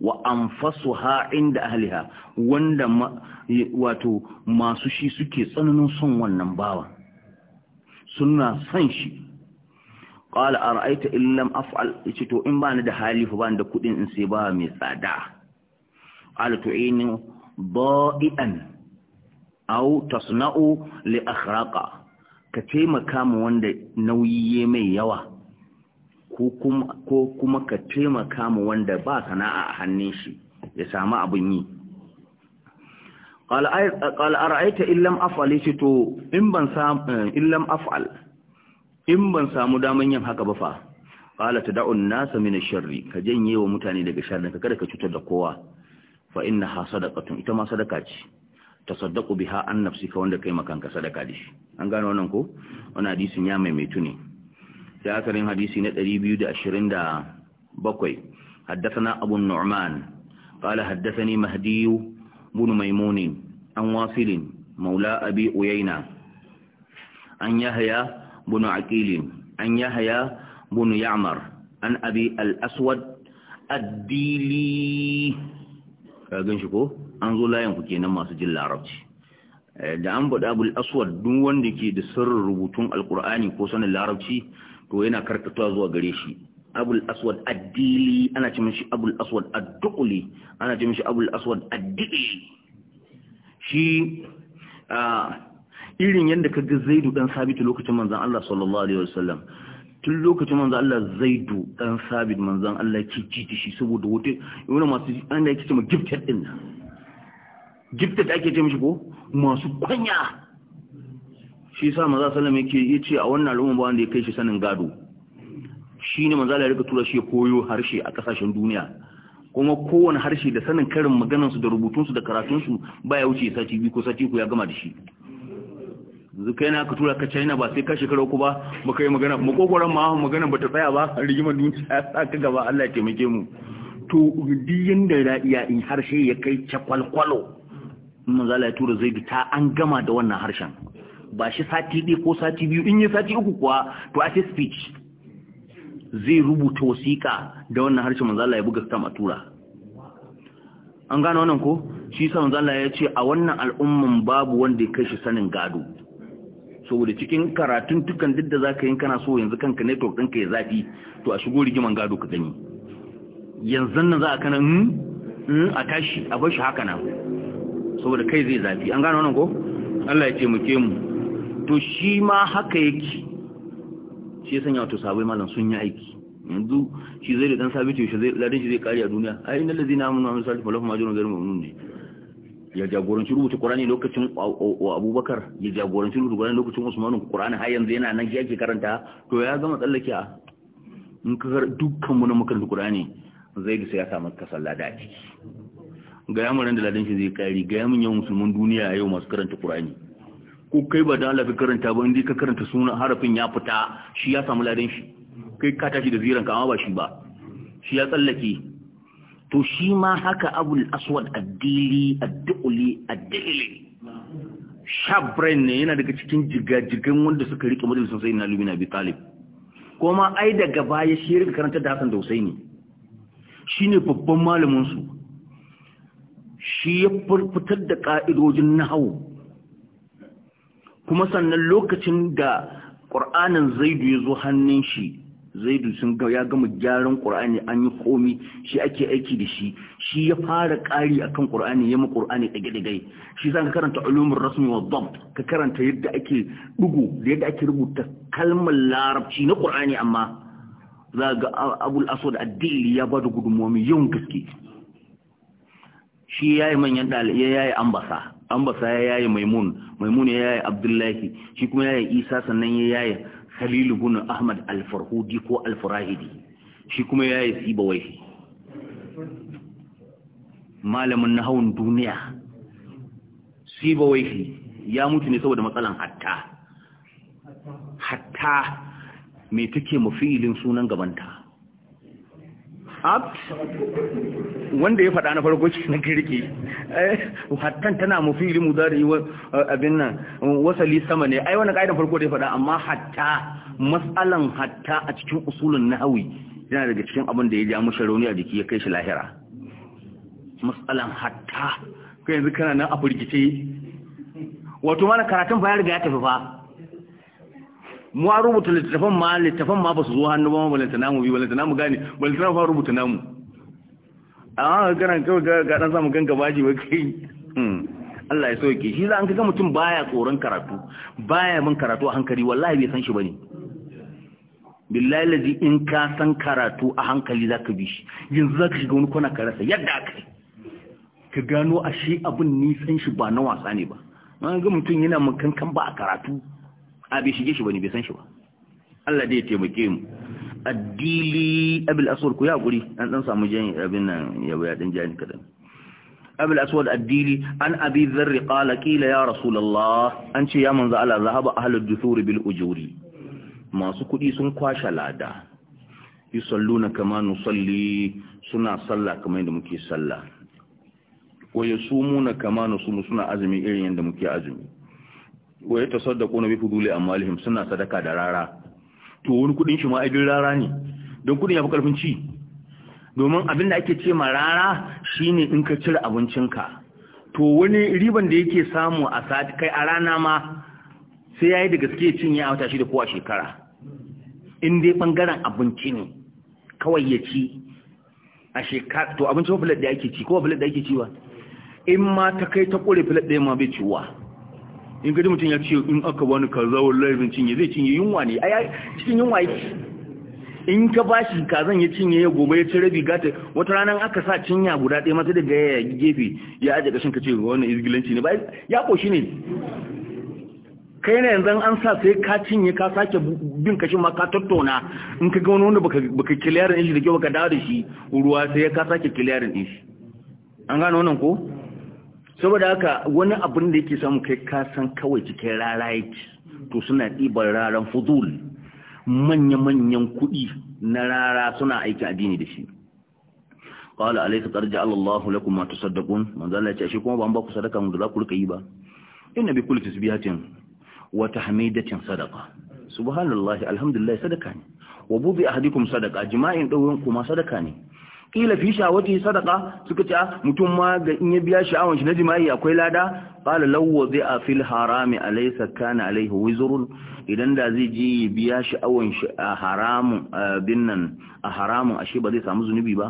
wa anfasuha inda ahliha wanda wato masu shi suke tsananin son wannan bawan suna son shi qala ara'aita in lam af'al yace to in bani da hali fa bani da kudin in sai ba mai tsada qala tu'inu da'ian aw tasna'u li akhraqa ka taimaka ma wanda nauyi ya mai yawa ko kuma ka taimaka ma wanda ba sana'a a hannun shi ya samu abin yi qala ara'aita in lam af'al yace to in ban samu in lam af'al in ban samu daman yin haka ba fa qala tad'un nasa min ash-sharri ka janye wa mutane daga sharri ka kada ka cutar da kowa fa innaha sadaqatun ita ma sadaka ce tasaddaqu biha an nafsika wanda kai ka sadaka da shi an gano wannan ko wannan hadisin ya mai ne sai akarin hadisi na 227 haddathana abu nu'man qala haddathani mahdi ibn ميمون an wasilin مولى أبي أيينة an يحيى بن عقيل عن يحيى بن يعمر عن أبي الأسود الديلي kagan shi ko an zo layin ku kenan masu jin larabci da an faɗa abul aswad duk wanda ke da sirrin rubutun alkur'ani ko sanin larabci to yana karkatuwa zuwa gare shi abul aswad addili ana ce mishi abul aswad adduquli ana ce mishi abul aswad addili shi irin yadda ka ga zaidu dan sabitu lokacin manzan Allah sallallahu alaihi wasallam tun lokacin manzan Allah zaidu dan sabitu manzan Allah ke jiji shi saboda wata yana masu an da yake cewa gifted din nan gifted ake ce mishi ko masu kwanya shi sa manzan sallam yake ce a wannan al'umma ba wanda ya kai shi sanin gado ne manzan Allah ya rika tura shi koyo harshe a kasashen duniya kuma kowane harshe da sanin karin maganansu da rubutunsu da karatunsu ba ya wuce sati biyu ko sati ku ya gama da shi yanzu kai na ka tura ka china ba sai ka shekara uku ba ka yi magana makogoron ma magana ba ta tsaya ba rigimar duniya ya sa ka gaba Allah ya taimake mu to diyin da iya in harshe ya kai mun za la tura zai ta an gama da wannan harshen ba shi sati ɗaya ko sati biyu in yi sati uku kuwa to a speech zai rubuta wasiƙa da wannan harshen la ya buga ta a tura an gane wannan ko shi sa la ya ce a wannan al'umman babu wanda ya kai shi sanin gado saboda cikin karatun tukan duk da zaka yin kana so yanzu kanka network ɗinka ya zafi to a shigo rigiman gado ka gani yanzu nan za a kana hmm? Hmm? a tashi a bar shi haka nan saboda kai zai zafi an gano wannan ko Allah ya ce mu ke mu to shi ma haka yake shi ya sanya wato sabai malam sun yi aiki yanzu shi zai da dan sabiti shi zai ladin shi zai kare a duniya ayyuna innal ladina amanu wa amilu salihati lahum ajrun ghayru mamnun ne ya jagoranci rubuta Qur'ani lokacin Abubakar ya jagoranci rubuta Qur'ani lokacin Usman Qur'ani har yanzu yana nan yake karanta to ya zama tsallake a in ka dukkan mu na mukan Qur'ani zai ga sai ya samu kasalla da ciki ga yamuran da ladan shi zai kari ga yamun yan musulmin duniya yau masu karanta Qur'ani ko kai ba don Allah karanta ba indai ka karanta sunan harafin ya fita shi ya samu ladan shi kai ka tashi da ziran ka amma ba shi ba shi ya tsallake to shi ma haka abul aswad addili addu'uli addili shabren ne yana daga cikin jigajigan wanda suka rike majalisar sayyidina Ali bin Abi Talib kuma ai daga baya shi rike karanta da Hassan da Husaini shine babban malamin su shi ya furfutar da ka'idojin nahwu kuma sannan lokacin da Qur'anin Zaidu ya zo hannun shi zaidu sun ga ya gama gyaran qur'ani an yi komi shi ake aiki da shi shi ya fara ƙari akan qur'ani ya ma qur'ani dage dage shi zan karanta ulumur rasmi wa dhabt ka karanta yadda ake dugu da yadda ake rubuta kalmar larabci na qur'ani amma za ga abul aswad ad-dili ya bada gudumomi yawan gaske shi yayi manyan dalibi yayi ambasa ambasa yayi maimun maimun yayi abdullahi shi kuma yayi isa sannan ya yayi Khalilu bin Ahmad al-Farhudi ko al-Farahidi shi kuma ya yi siba wai malamin nahawun duniya siba wai ya mutu ne saboda matsalan hatta hatta me take mafi ilin sunan gabanta wanda ya faɗa na farko shi na kirki eh, hattan tana mufili mudari eh, abin nan wasali sama ne ai wannan kaidan farko da ya faɗa amma hatta matsalan hatta a cikin usulun nahawi yana daga cikin abin da ya ja mushi rauni a jiki ya kai shi lahira matsalan hatta kai yanzu kana nan a furgice wato mana karatun fa ya riga ya tafi fa mu a rubuta littafan ma littafan ma ba su zo hannu ba ta namu bi balanta namu gane balanta namu fa rubuta namu a gana kawai ga ga dan samu ganka baji ba kai hmm. Allah ya sauke shi za an kaga mutum baya tsoron karatu baya min karatu a hankali wallahi bai san shi bane billahi lazi in ka san karatu a hankali zaka bi shi yanzu zaka shiga wani kwana karasa yadda aka yi ka gano ashe abin nisan shi ba na wasa ne ba an ga mutum yana makankan ba a karatu a bai shige shi ne bai san shi ba Allah dai ya taimake mu addili abul aswad ku ya an dan samu jan abin nan ya ya dan jani kadan abul aswad addili an abi dharr qala qila ya rasulullah an ce ya manzo Allah zahaba ahlud duthur bil ujuri masu kudi sun kwashe lada yusalluna kama nusalli suna sallah kamar yadda muke sallah wa yasumuna kama nusumu suna azumi irin yadda muke azumi wa ya tasaddaqu na dule a malihim suna sadaka da rara to wani kudin shi ma aibin rara ne don kudin fi karfin ci domin abinda ake ce ma rara shi ne in ka cire abincinka to wani riban da yake samu a sati kai a rana ma sai ya yi da gaske cinye a wata shi da kowa shekara in dai bangaren abinci ne kawai ya ci a shekara to abincin filet da ake ci kowa filet da ake ba? in ma ta kai ta kore filet ɗaya ma bai ciwa in gadi mutum ya ce in aka wani kaza wa zan cinye zai cinye yunwa ne ai cikin yunwa yake in ka bashi kazan ya cinye ya gobe ya ci rabi gata wata ranar aka sa cinya guda ɗaya mata daga ya gefe ya aje ƙashin ka ce wannan izgilanci ne ba ya ƙoshi ne kai na yanzu an sa sai ka cinye ka sake bin kashin ma ka tattauna in ka ga wani wanda baka kiliyarin din shi da kyau baka dawo da shi ruwa sai ka sake kiliyarin din shi an gane wannan ko saboda haka wani abin da yake samu kai ka san kawai cikin rara yake to suna ɗibar raran fuzul manya-manyan kuɗi na rara suna aiki addini da shi ƙwala alaysa qad ja'ala Allahu lakum ma tusaddaqun manzo Allah ya ce shi kuma ban ba ku sadaka mun da za ku rika yi ba inna bi kulli tasbihatin wa tahmidatin sadaqa subhanallahi alhamdulillah sadaka ne wa bubi ahadikum sadaqa jima'in dawon kuma sadaka ne kila fi shawati sadaqa suka ce ah, mutum ma ga in ya biya sha'awan shi na jima'i akwai lada qala law zai a fil harami alaysa kana alayhi wizrun idan da zai ji biya sha'awan shi a haramun binnan a haramun ashe ba zai samu zunubi ba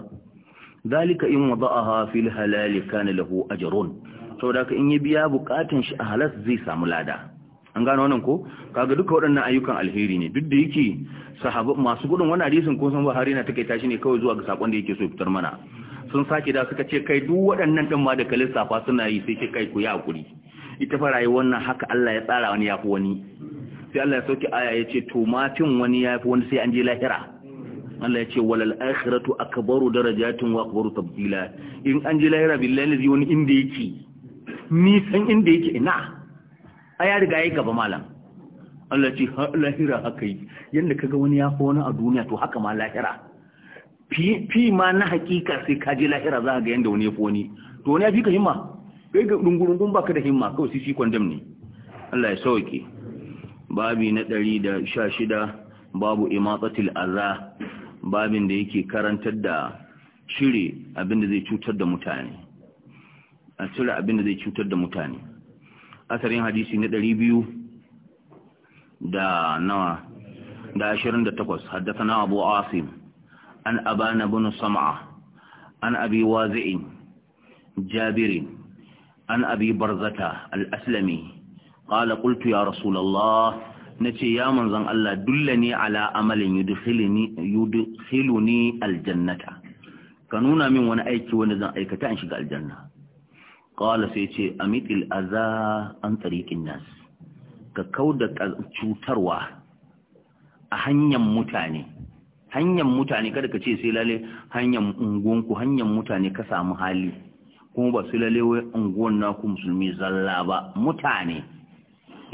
dalika in wada'aha fil halal kana lahu ajrun saboda ka in ya biya bukatun shi a halas zai samu lada an gano wannan ko kaga duka waɗannan ayyukan alheri ne duk da yake sahabu masu gudun wannan hadisin ko san Buhari na take tashi ne kawai zuwa ga sakon da yake so fitar mana sun sake da suka ce kai duk waɗannan din ma da fa suna yi sai ke kai ku ya hakuri ita fa rayuwar wannan haka Allah ya tsara wani yafi wani sai Allah ya soke aya ya ce to matin wani yafi wani sai an je lahira Allah ya ce walal akhiratu akbaru darajatin wa akbaru tabdila in an je lahira billahi wani inda yake san inda yake ina a ya riga ya gaba malam Allah ce lahira haka yi yadda ka ga wani ya fi wani a duniya to haka ma lahira fi ma na hakika sai ka je lahira za ga yadda wani ya fi wani to wani ya fi ka himma kai ga dungurungun baka da himma kawai sisi kwandam ne Allah ya sauke babi na ɗari da sha shida babu imatsatil aza babin da yake karantar da cire abin zai cutar da mutane a cire abin zai cutar da mutane asarin hadisi na ɗari biyu da nawa da ashirin da takwas haddasa na abu asim an abana bin sama'a an abi wazi'in jabirin an abi barzata al'aslami ƙala ƙultu ya rasulallah na ce ya manzan Allah dulla ne ala amalin yudhiluni aljannata ka nuna min wani aiki wanda zan aikata in shiga aljanna ƙwala sai ce amitil aza an tsariƙin nas ka kau da cutarwa a hanyar mutane hanyar mutane kada ka ce sai lalle hanyar unguwanku hanyar mutane ka samu hali kuma ba sai lalle wai unguwan naku musulmi zalla ba mutane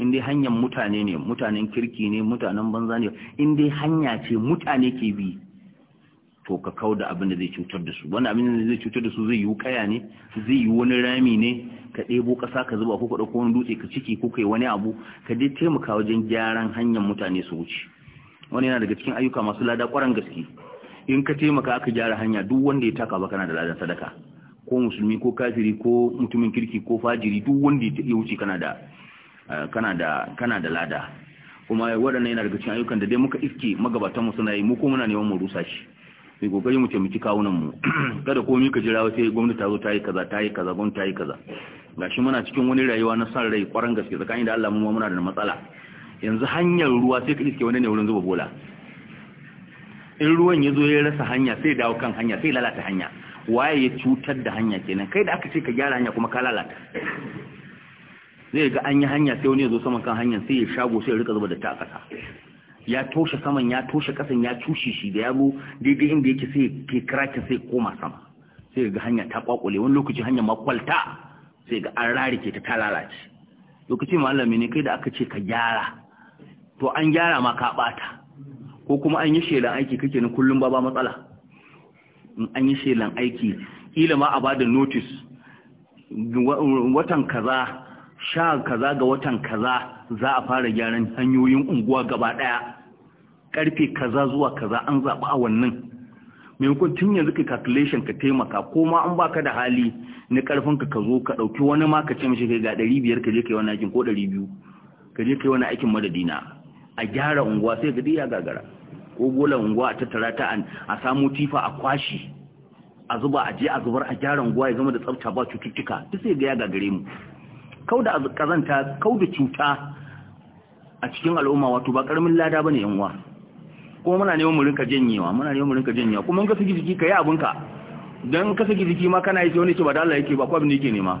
in dai hanyar mutane ne mutanen kirki ne mutanen banza ne in dai hanya ce mutane ke bi to ka kawo da abin da zai cutar da su wani abin da zai cutar da su zai yi kaya ne zai yi wani rami ne ka ɗebo ƙasa ka zuba ko ka ko wani dutse ka ciki ko kai wani abu ka dai taimaka wajen gyaran hanyar mutane su wuce wani yana daga cikin ayyuka masu lada ƙwaran gaske in ka taimaka aka gyara hanya duk wanda ya taka ba kana da ladan sadaka ko musulmi ko kafiri ko mutumin kirki ko fajiri duk wanda ya wuce kana da eh, kana da kana da lada kuma waɗannan yana daga cikin ayyukan da dai muka iske magabatanmu suna yi mu ko muna neman mu rusa shi sai kokari mu taimaki kawunan mu kada komai ka jira sai gwamnati ta zo ta yi kaza ta yi kaza gwamnati ta yi kaza gashi muna cikin wani rayuwa na san rai kwaran gaske tsakanin da Allah mu muna da matsala yanzu hanyar ruwa sai ka iske wani ne wurin zuba bola in ruwan ya zo ya rasa hanya sai dawo kan hanya sai lalata hanya waye ya cutar da hanya kenan kai da aka ce ka gyara hanya kuma ka lalata zai ga an yi hanya sai wani ya zo saman kan hanyar sai ya shago sai ya rika zuba da ta a ƙasa ya toshe saman ya toshe kasan ya cushe shi da yago daidai inda yake sai ke kraka sai koma sama sai ga hanya ta kwakule wani lokaci hanya makwalta sai ga an rarike ta ta lalace lokaci malami ne kai da aka ce ka gyara to an gyara ma ka bata ko kuma an yi shelan aiki kake na kullum ba ba matsala in an yi shelan aiki kila ma a bada notice watan kaza sha kaza ga watan kaza za a fara gyaran hanyoyin unguwa gaba daya karfe kaza zuwa kaza an zaɓi a wannan maimakon tun yanzu ka calculation ka taimaka ko ma an baka da hali na karfin ka zo ka ɗauki wani ma ka ce mishi kai ga ɗari biyar ka je kai wani aikin ko ɗari biyu ka je kai wani aikin madadina a gyara unguwa sai ka ya gagara ko bola unguwa a tattara ta a samu tifa a kwashi a zuba a je a zubar a gyara unguwa ya zama da tsafta ba cututtuka duk sai ga ya gagare mu Kau da kazanta kau da cuta a cikin al'umma wato ba karamin lada bane yan uwa kuma muna neman mu rinka janyewa muna neman mu rinka janyewa kuma in ka saki jiki kai abun ka dan ka saki jiki ma kana yi sai wani ce ba da Allah yake ba ko abin da yake nema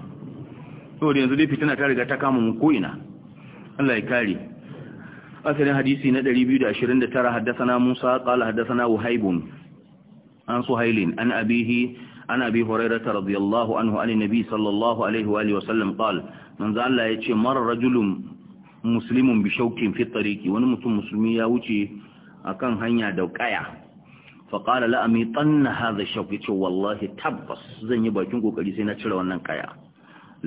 da yanzu dai fitina ta riga ta kama mu ko ina Allah ya kare asalin hadisi na 229 haddathana Musa qala haddathana Wahib an Suhailin an abihi عن أبي هريرة رضي الله عنه عن النبي صلى الله عليه وآله وسلم قال من ذا الله يتشي مر رجل مسلم بشوك في الطريق ونمت مسلمي يوتي أكان هنيا دوكايا فقال لا أميطن هذا الشوك يتشي والله تبس زن يبا يتنكو كاليسينا تشلو وننكايا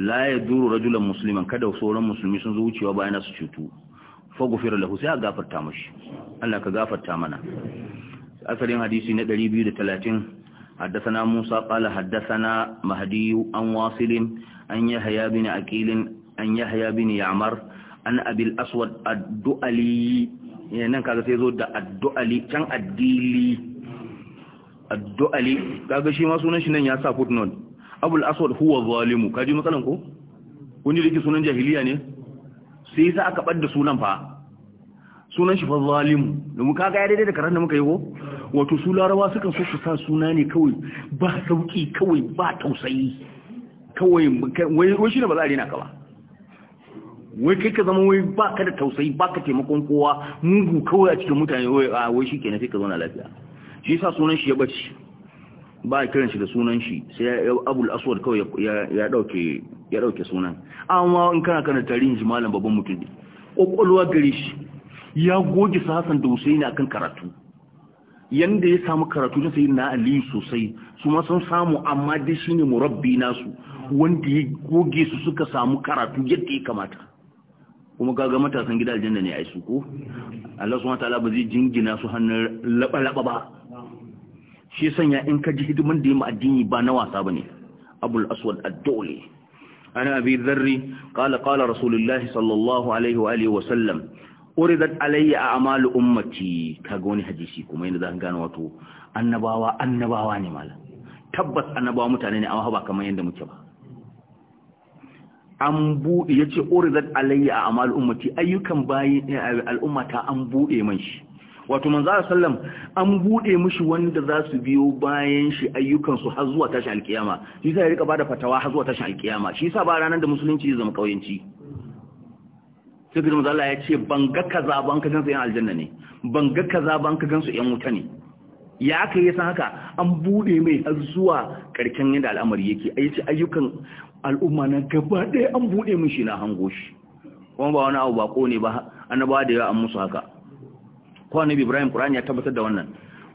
لا يدور رجلا مسلما كدو صورا مسلمي سنزوتي وباينا سجتو فغفر له سيا غافر تامش الله كغافر تامنا أثر حديثي نا 230 حدثنا موسى قال حدثنا مهدي عن واصل عن يحيى بن عقيل عن يحيى بن يعمر عن أبي الأسود الدؤلي nan kaga sai zo da addu'ali can addili addu'ali kaga shi ma sunan shi nan ya sa footnote abul aswad huwa zalimu kaji matsalan wani da sunan jahiliya ne sai sa aka ɓadda sunan fa sunan shi fa zalimu domin kaga ya daidai da karan da muka yi ko wato su larawa sukan so su sa suna ne kawai ba sauki kawai ba tausayi kawai wai shi ne ba za a rena ka ba wai kai ka zama wai ba ka da tausayi ba ka taimakon kowa mugu kawai a cikin mutane wai shi ke na sai ka zauna lafiya shi sa sunan shi ya bace ba a kiran shi da sunan shi sai abul aswad kawai ya dauke ya dauke sunan amma in kana kana tarihin shi malam babban mutum ne kokolwa gare shi ya goge sasan da Husaini akan karatu yanda ya samu karatu na sayi na aliyu sosai su ma sun samu amma dai shine murabbi nasu wanda ya goge su suka samu karatu yadda ya kamata kuma kaga matasan gida aljanna ne a su ko Allah subhanahu wataala ba zai jingina su hannun laba-laba ba shi sanya in ka ji hidiman da yi addini ba na wasa bane abul aswad ad-dawli ana abi dharri qala qala rasulullahi sallallahu alaihi wa sallam uridat alayya a amalu ummati kaga wani hadisi kuma yanda za ka gane wato annabawa annabawa ne malam tabbas annabawa mutane ne amma ba kamar yanda muke ba an buɗe yace uridat alayya a amalu ummati ayyukan bayi eh, al'ummata an buɗe man shi wato manzo sallam an buɗe mishi wanda za su biyo bayan shi ayyukan su har zuwa tashin alkiyama shi sai ya rika bada fatawa har zuwa tashin alkiyama shi sa ba ranar da musulunci zai zama kauyanci sai da ya ce ban ga kaza ba an ka gansu yan aljanna ne ban ga kaza ba an ka gansu yan wuta ne ya aka yi san haka an bude mai har zuwa karken yadda al'amari yake a yace ayyukan al'umma na gaba ɗaya an bude mun shi na hango shi kuma ba wani abu ba ko ne ba annabawa da yawa an musu haka ko annabi Ibrahim Qur'ani ya tabbatar da wannan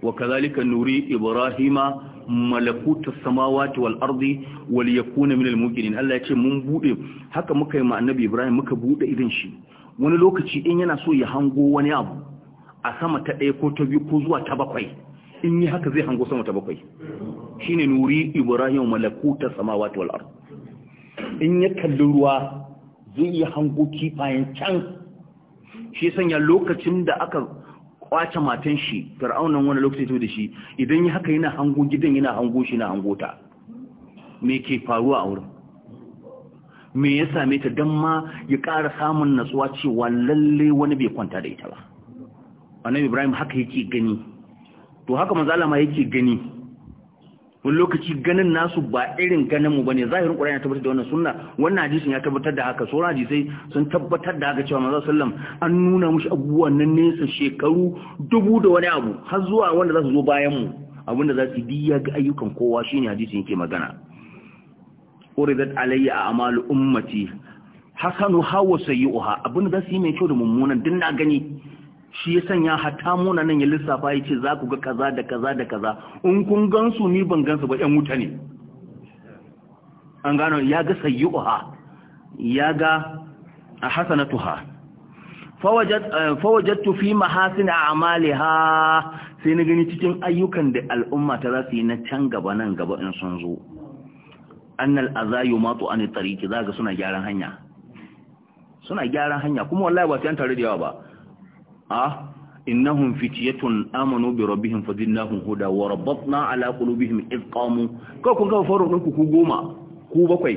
wa kazalika nuri ibrahima malakuta samawati wal ardi wal yakuna minal muqinin Allah ya ce mun bude haka muka yi ma annabi Ibrahim muka bude idan shi wani lokaci in yana so ya hango wani abu a sama ta ɗaya ko ta biyu ko zuwa ta bakwai in yi haka zai hango sama ta bakwai Shi ne nuri ibrahim malakuta Sama wata wal'ar in ya kalli ruwa zai iya hango kifayen can shi sanya lokacin da aka kwace matan shi fir'aunan wani lokaci to da shi idan yi haka yana hango gidan yana hango shi na hango ta me ke faruwa a wurin me ya same ta don ma ya ƙara samun natsuwa cewa lalle wani bai kwanta da ita ba annabi ibrahim haka yake gani to haka manzala ma yake gani wani lokaci ganin nasu ba irin ganin mu ne. zahirin qur'ani ya tabbatar da wannan sunna wannan hadisin ya tabbatar da haka sauran hadisai sun tabbatar da haka cewa manzo sallam an nuna mushi abubuwan nan nesa shekaru dubu da wani abu har zuwa wanda za su zo bayan mu abinda za su biya ga ayyukan kowa shi shine hadisin yake magana uridat alayya a'mal ummati hasanu hawa sayyuha abin da su yi mai kyau da mummunan din na gani shi ya sanya hatta muna nan ya lissafa ya ce za ku ga kaza da kaza da kaza in kun gansu ni ban gansu ba yan wuta ne an gano ya ga sayyuha ya ga hasanatuha eh, fawajattu fi mahasin a'maliha sai na gani cikin ayyukan da al'umma ta za su yi na can gaba nan gaba in sun zo annal azayu matu an tariki zaka suna gyaran hanya suna gyaran hanya kuma wallahi ba sai tare da yawa ba ah innahum fitiyatun amanu bi rabbihim fadillahum huda wa rabbatna ala qulubihim id qamu ko kun ga farun ɗinku ku goma ku bakwai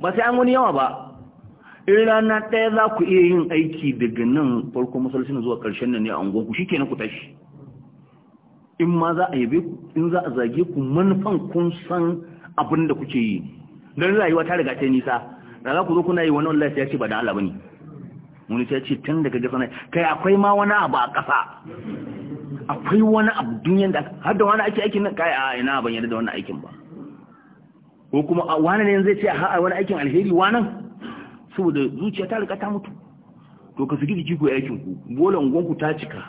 ba sai an wani yawa ba in na ta za ku iya yin aiki daga nan farko masallacin zuwa karshen nan ne an unguwanku shi shikenan ku tashi in ma za a yabe ku in za a zage ku manufan kun san abin da kuke yi don rayuwa ta riga ta nisa da za ku zo kuna yi wani wallahi ya ce ba da Allah bane wani ta ce tun daga gasa kai akwai ma wani abu a ƙasa akwai wani abu duniyan da har da wani ake aikin nan kai a ina ban yarda da wannan aikin ba ko kuma wani ne zai ce a wani aikin alheri wanan saboda zuciya ta riga ta mutu to ka sigi jiki ku aikin ku bolan gonku ta cika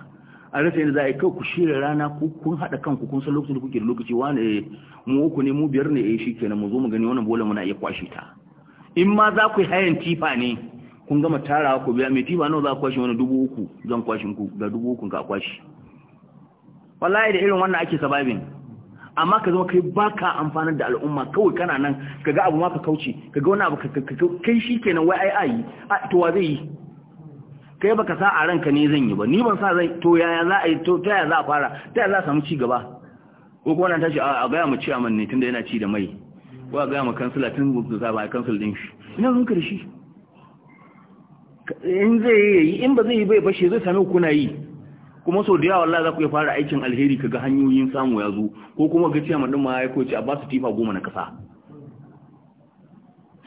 a rasa yadda za a yi kawai ku shirya rana ku kun haɗa kanku kun san lokacin da kuke da lokaci wani eh, mu uku ne mu biyar ne eh kenan mu zo mu gani wannan bolan muna iya kwashe ta in ma za ku yi hayan tifa ne kun gama tarawa ku biya mai tifa nawa za ku kwashe wani dubu uku zan kwashe ku ga dubu uku ka kwashe wallahi da irin wannan ake sababin amma ka zama kai baka amfanar da al'umma kawai kana nan kaga abu ma ka kauce kaga wani abu kai shikenan wai ai ai to wa zai yi kai baka sa a ranka ne zan yi ba ni ban sa zai to yaya za a yi to ta yaya za a fara ta yaya za a samu ci gaba ko kuma nan tashi a ga mu ciyaman ne tunda yana ci da mai ko a gaya mu kansila tun da za ba a kansil din shi ina mun karshe shi in zai yi in ba zai yi bai bashi zai sami kuna yi kuma sau da yawa Allah za ku ya fara aikin alheri kaga hanyoyin samu ya zo ko kuma ga ciyaman din ma ya koci a ba su tifa goma na kasa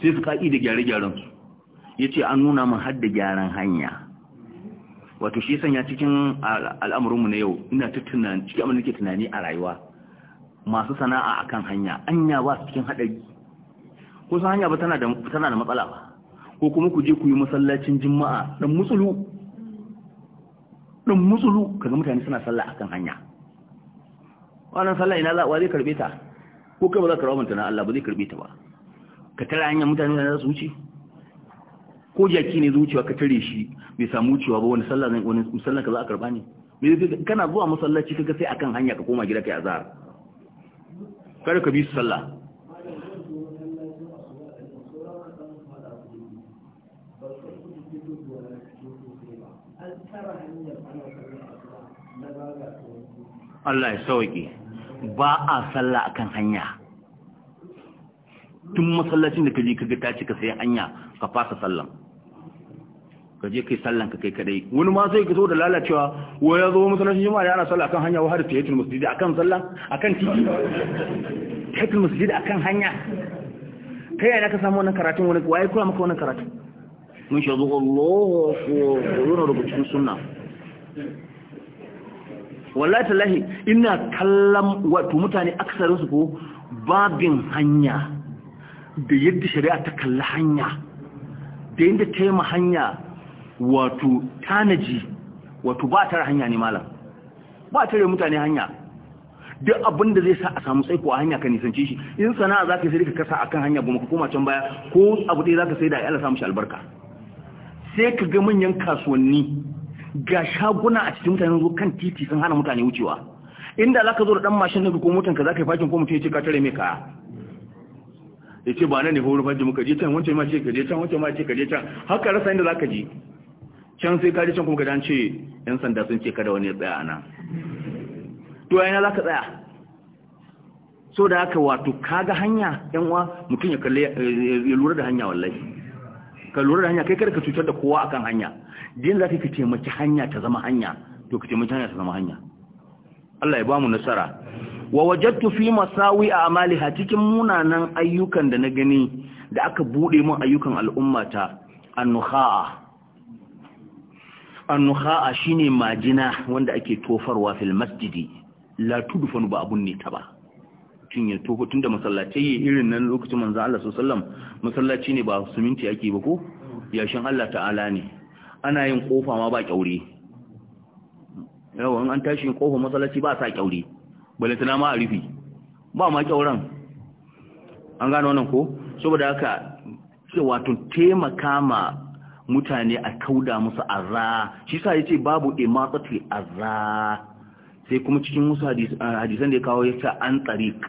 sai su ka'i da gyare-gyaren su Ya ce an nuna mun hadda gyaran hanya wato shi sanya cikin al'amuranmu na yau ina ta cikin abin ke nake tunani a rayuwa masu sana'a akan hanya anya ba su cikin haɗari. ko sun hanya ba tana da matsala ba ko kuma ku je ku yi masallacin jima'a ɗan mutsulu ɗan mutsulu kaga mutane suna sallah akan hanya wannan sallah ina za wa zai karbe ta ko kai ba za ka rawa mutana Allah ba zai karbe ta ba ka tara hanya mutane za su wuce ko jaki ne zuciya ka tare shi bai samu wucewa ba wani sallah zan wani musallan ka za a karba ne kana zuwa masallaci kaga sai akan hanya ka koma gida kai azhar kada ka bi su sallah Allah ya sauke ba a sallah akan hanya tun masallacin da ka kaga ta cika sai hanya ka fasa sallan ka je kai sallan ka kai kadai wani ma sai ka zo da lalacewa wa ya zo masallacin juma'a da ana sallah akan hanya wa har tiyatul masjid akan sallah akan titi tiyatul masjid akan hanya kai yana ka samu wannan karatun wani waye kula maka wannan karatun mun shi zuwa Allah ko yana rubutun sunna wallahi tallahi ina wa wato mutane aksarin su ko babin hanya da yadda shari'a ta kalli hanya da yadda ta yi hanya wato tanaji wato ba tare hanya ne malam ba tare mutane hanya duk abin da zai sa a samu tsaiko a hanya ka nisance shi in sana'a za ka sai ka kasa akan hanya goma ka koma can baya ko abu ɗaya za ka sai da ya samu shi albarka sai ka ga manyan kasuwanni ga shaguna a cikin mutane zo kan titi sun hana mutane wucewa inda za ka zo da ɗan mashin na ko motan ka za ka yi fakin ko mutum ya ce ka tare mai kaya ya ce ba na ne wani fajin muka je can wancan ma ce ka je can wancan ma ce ka je can haka rasa inda za ka je can sai kaji can kuma gadan ce yan sanda sun ce kada wani ya tsaya nan to yana za ka tsaya so da haka wato kaga hanya yan uwa mutun ya kalle ya lura da hanya wallahi ka lura da hanya kai kada ka cutar da kowa akan hanya din za ka taimaki hanya ta zama hanya to ka taimaki hanya ta zama hanya Allah ya ba mu nasara wa wajadtu fi masawi a'maliha cikin munanan ayyukan da na gani da aka bude mun ayyukan al'ummata annuha'a annuha'a shine majina wanda ake tofarwa fil masjidi la tudfan ba abun ne ta ba tun ya tofo tun da yi irin nan lokacin manzo Allah sallallahu masallaci ne ba suminti ake ba ko yashin Allah ta'ala ne ana yin kofa ma ba kyaure yawan an tashi yin kofa masallaci ba sa kyaure tana ma a ba ma kyauran an gano wannan ko saboda haka cewa tun taimaka ma mutane a kauda musu azza shi sa yace babu imatsatul azza sai kuma cikin musu hadisan da ya kawo yace an tariq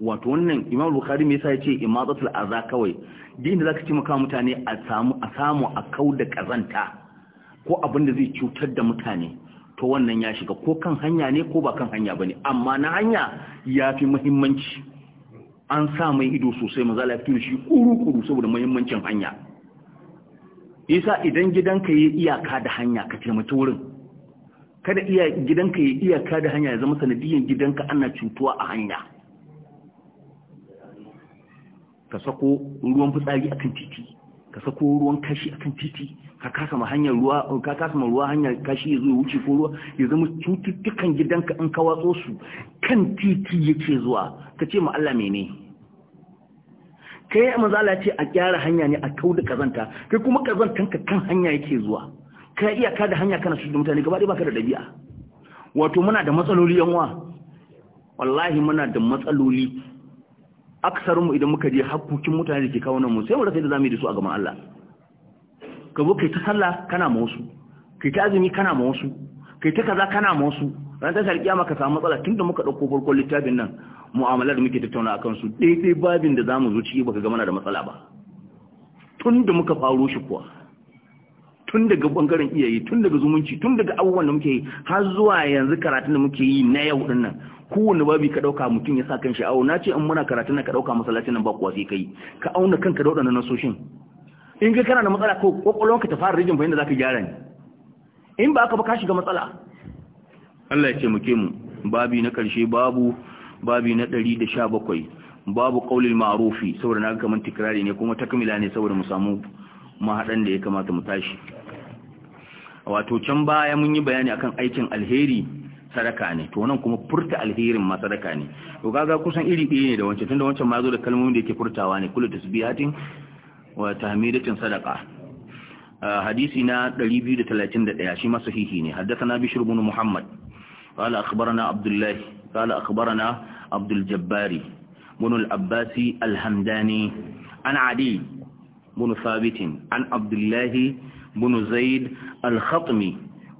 wato wannan Imam Bukhari me yasa yace imatsatul azza kawai din da zaka ci maka mutane a samu a samu a kauda kazanta ko abin da zai cutar da mutane to wannan ya shiga ko kan hanya ne ko ba kan hanya bane amma na hanya yafi muhimmanci an sa mai ido sosai maza lafiya shi kuru kuru saboda muhimmancin hanya yasa idan gidanka yi iyaka da hanya ka taimaki wurin kada iya gidanka yi iyaka da hanya ya zama sanadiyan gidanka ana cutuwa a hanya ka sako ruwan fitsari a kan titi ka sako ruwan kashi a kan titi ka kasa ma hanyar ruwa ka kasa ma ruwa hanyar kashi ya zo ya wuce ko ruwa ya zama cututtukan gidanka in ka watso su kan titi yake zuwa ka ce ma Allah mene kai maza Allah ce a gyara hanya ne a da kazanta kai kuma ka kan hanya yake zuwa kai iya ka da hanya kana su mutane gaba ɗaya baka da dabi'a wato muna da matsaloli yan wa? wallahi muna da matsaloli mu idan muka je hakkokin mutane da ke kawo nan mu sai mu rasa da zamu yi da su a gaban Allah ka zo kai ta sallah kana ma wasu kai ta azumi kana ma wasu kai ta kaza kana ma wasu ran ta sarki maka samu matsala tunda muka dauko farkon littafin nan mu'amalar da muke tattauna akan su daidai babin da zamu zo ciki baka ga mana da matsala ba tunda muka faro shi kuwa tun daga bangaren iyaye tun daga zumunci tun daga abubuwan da muke yi har zuwa yanzu karatun da muke yi na yau din nan kowane babi ka dauka mutum ya sa kan shi awo na ce in muna karatun na ka dauka masallacin nan ba kuwa sai kai ka auna kanka da wadannan nasoshin in ka kana da matsala ko kokolonka ta fara rijin bayan da zaka gyara ni in ba ka ba ka shiga matsala Allah ya ce muke mu babi na karshe babu babi na 117 babu qaulil ma'rufi saboda naga kaman tikrari ne kuma takmila ne saboda mu samu mahadan da ya kamata mu tashi wato can baya mun yi bayani akan aikin alheri sadaka ne to nan kuma furta alherin ma sadaka ne to kaga kusan iri ɗaya ne da wancan tunda wancan ma zo da kalmomin da yake furtawa ne kullu tasbihatin wa tahmidatin sadaka ah, hadisi na 231 shi ma sahihi ne haddathana bishr ibn muhammad قال أخبرنا عبد الله قال أخبرنا عبد الجبار بن العباسي الهمداني عن عدي بن ثابت عن عبد الله بن زيد الخطمي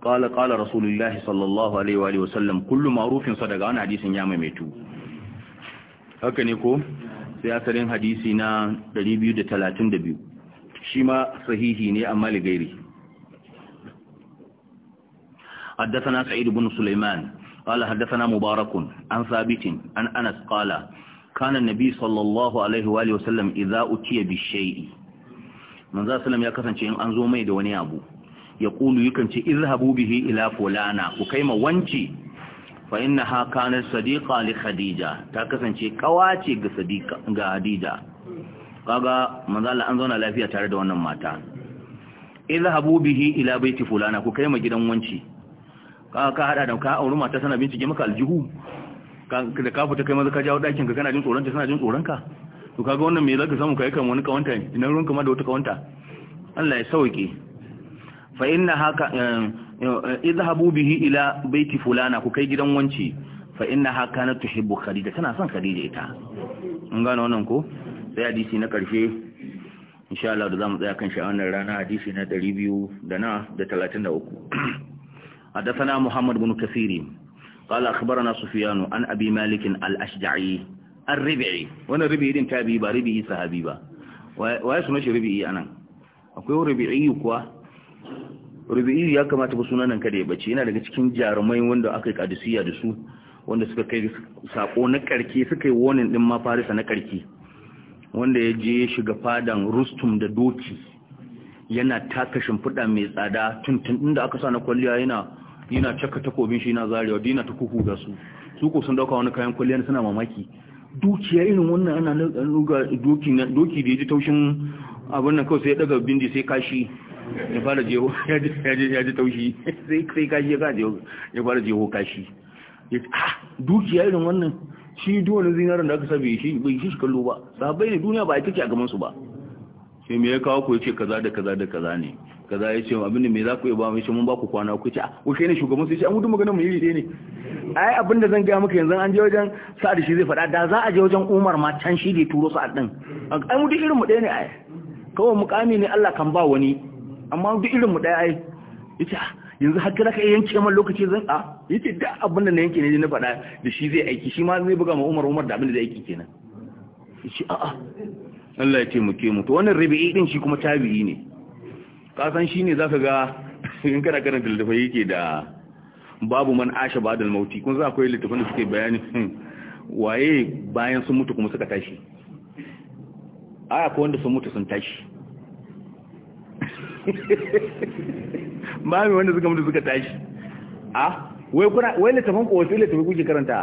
قال قال رسول الله صلى الله عليه وآله وسلم كل معروف صدق عن حديث يامي ميتو haka ne ko sai asalin hadisi na 232 shi ma sahihi ne amma ligairi حدثنا سعيد بن سليمان قال حدثنا مبارك عن ثابت عن أنس قال كان النبي صلى الله عليه وآله وسلم إذا أتي بالشيء من ذا سلم يكسن شيء أنزو ميد ونيابو يقول يكنتي اذهبوا به إلى فلانا وكيما وانتي فإنها كانت صديقة لخديجة تكسن شيء كواتي صديقة خديجة kaga manzo Allah an zauna lafiya tare da wannan mata idhabu bihi ila baiti fulana ku kai ma gidan wanci ka hada da ka auri mata tana bincike maka aljihu da ka fita kai maza ka jawo dakin ka kana jin tsoron ta sana jin tsoron ka to kaga wannan me zaka samu kai kan wani kawanta ina ruwan kama da wata kawanta Allah ya sauke fa inna haka eh, eh, idhabu bihi ila baiti fulana ku kai gidan wanci fa inna haka na tuhibbu khadija tana son khadija ita mun gano wannan ko sai hadisi na karshe insha Allah da zamu tsaya kan shi a wannan rana hadisi na 233 da na da حدثنا محمد بن كثير قال أخبرنا سفيان عن أبي مالك الأشجعي الربعي وانا ربعي دين تابي با ربعي صحابي با ويسمى شي ربعي انا اكو ربعي كو ربعي يا كما تبو سنن تبسونا دي بچي انا أنا cikin jarumai wanda akai أكيك da su wanda suka kai sako na karki suka yi warning din ma Farisa na karki wanda ya je shiga fadan Rustum da doki yana taka shimfiɗa mai tsada tuntun inda aka sa na kwalliya yana yana caka takobin shi yana zarewa dina ta kuku ga su su ko sun dauka wani kayan kwalliya suna mamaki dukiya irin wannan ana nuga doki na doki da ya ji taushin abin nan kawai sai ya daga bindi sai kashi ya fara jeho ya ji taushi sai kashi ya ya fara jeho kashi ya ah, dukiya irin wannan shi duwani zinarin da aka sabi shi bai shi shi kallo ba sabai ne duniya ba ya take a gaban su ba ce me ya kawo ku ce kaza da kaza da kaza ne kaza ya ce abin da me za ku yi ba mu shi mun ba ku kwana ku ce ah kai ne shugaban sai an mutu magana mu iri dai ne ai abin da zan ga maka yanzu an je wajen Sa'ad shi zai faɗa da za a je wajen Umar ma can shi da turo Sa'ad din ai mu duk irin mu ɗaya ne ai kawai mukami ne Allah kan ba wani amma duk irin mu ɗaya ai yace ah, yanzu har kira ka yanke man lokaci zan a ah. yace da abin da na yanke ne na faɗa da shi zai aiki shi ma zai buga ma Umar Umar da abin da zai aiki kenan yace a'a Allah ya ce mu ke mutu wannan rabi'i din shi kuma tabi'i ne kasan shi ne zaka ga in kana karanta littafai yake da babu man asha ba badal mauti kun za akwai littafan da suke bayani waye bayan sun mutu kuma suka tashi aya ko wanda sun mutu sun tashi ba mai wanda suka mutu suka tashi a ah, wai kuna wai littafin ko wasu littafin kuke karanta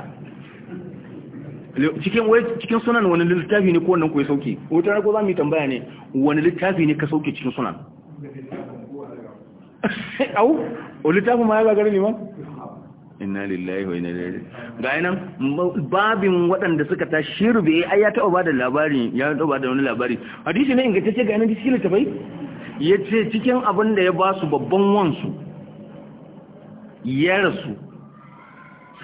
cikin wai cikin sunan wani littafi ne ko wannan ko ya sauke wata ko za mu yi tambaya ne wani littafi ne ka sauke cikin sunan au o littafin ma ya gagara ne ma inna lillahi wa inna ilaihi ga yana babin waɗanda suka ta shirbe ai ya taɓa bada labari ya taɓa bada wani labari hadisi ne ingantacce ga nan cikin littafai yace cikin abin da ya ba su babban wansu ya rasu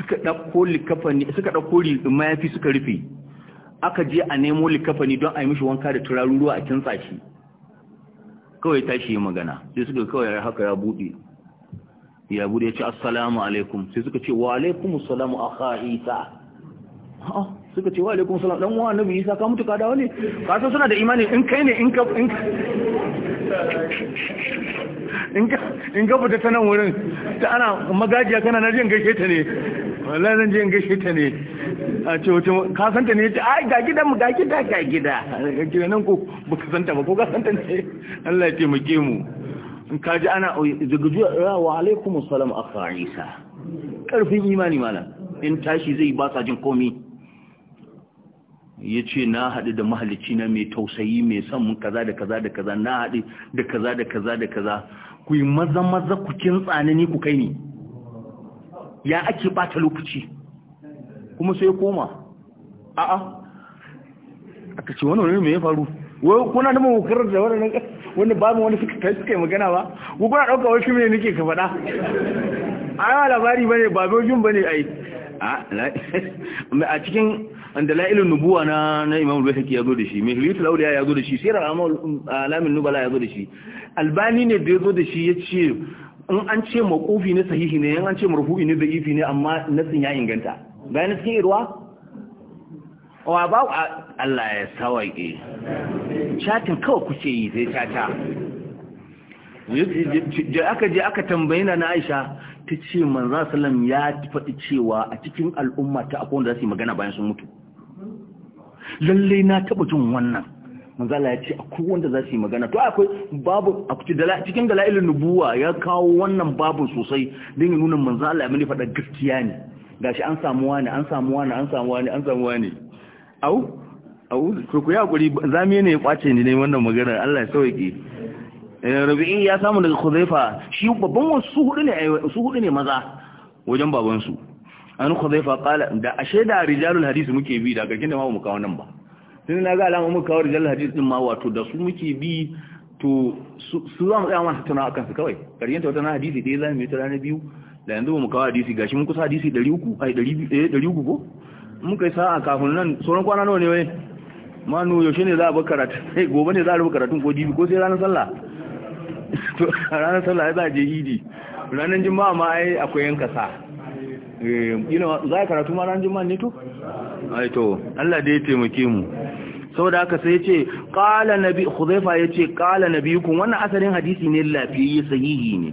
suka ɗauko likafani suka ɗauko mayafi suka rufe aka je a nemo likafani don a yi mishi wanka da turaruruwa a kintsa shi kawai tashi yi magana sai suka kawai haka ya buɗe ya buɗe ya ce assalamu alaikum sai suka ce wa alaikum assalamu akha isa suka ce wa alaikum salam dan wa na isa ka mutu ka dawo ne ka san suna da imani in kai ne in in ka in ka fita ta nan wurin ta ana magajiya kana na jin gaishe ta ne wallahi zan je in gaishe ta ne a ce wata ka san ta ne ta ai ga gidan mu ga gida ga gida ga gida nan ko ka san ta ba ko ka san ta ne Allah ya taimake mu in ka ji ana zagajuwa ah, wa alaikum assalam akha Isa karfin imani malam in tashi zai ba sa jin komi ya ce na haɗu da mahalicci na mai tausayi mai son mun kaza da kaza da kaza na haɗu da kaza da kaza da kaza ku yi maza maza ku kintsa ni ku kai ni ya ake bata lokaci kuma sai koma a'a aka ce wani wani mai ya faru wai kuna nama mawukarar da wani wani babu wani suka kai suka yi magana ba ku kuna ɗauka wani shi ne nake ka faɗa a yawa labari ba ne ba bejin ba ne yi a cikin la'ilin nubuwa na na imam al ya zo da shi mihlitul awliya ya zo da shi da alamin nubala ya zo da shi albani ne da ya zo da shi ya ce in an ce maqufi ne sahihi ne in an ce marfu'i ne da'ifi ne amma nasin ya inganta ga yana cikin irwa wa ba Allah ya ke. chatin kawai kuke yi sai chata da aka je aka tambayi na Aisha ta ce manzo sallam ya faɗi cewa a cikin al'umma ta akwai wanda za su yi magana bayan sun mutu lalle na taɓa jin wannan manzala ya ce akwai wanda za su yi magana to akwai babu a cikin dala'ilin nubuwa ya kawo wannan babu sosai don yi nuna Allah ya mani faɗa gaskiya ne gashi an samu wani an samu wani an samu wani an samu wani au au to ku ya guri zame ne ya kwace ni ne wannan magana Allah ya sauke eh, Rabi'i ya samu daga Khuzaifa shi babban wasu hudu ne eh, su hudu ne maza wajen babansu an Khuzaifa kala da ashe da rijalul hadisi muke bi da garkin da ma mu kawo nan ba tun na ga alama muka kawar rijal hadis din ma wato da su muke bi to su za mu tsaya masu tuna akan su kawai karyanta wata na hadisi da ya zama yi ta na biyu da yanzu mu kawo hadisi gashi mun kusa hadisi dari uku ai dari eh, uku ko mun kai sa'a kafin nan sauran kwana nawa ne wai manu yaushe ne za a bar karatu sai gobe ne za a rubuta karatun ko jibi ko sai ranar sallah to ranar sallah ya za a je idi ranar juma'a ma ai akwai yanka sa eh ina za a karatu ma ranar juma'a ne to ai to Allah dai ya taimake mu saboda haka sai yace qala nabi khuzaifa yace qala nabiyukum wannan asalin hadisi ne lafiyayye sahihi ne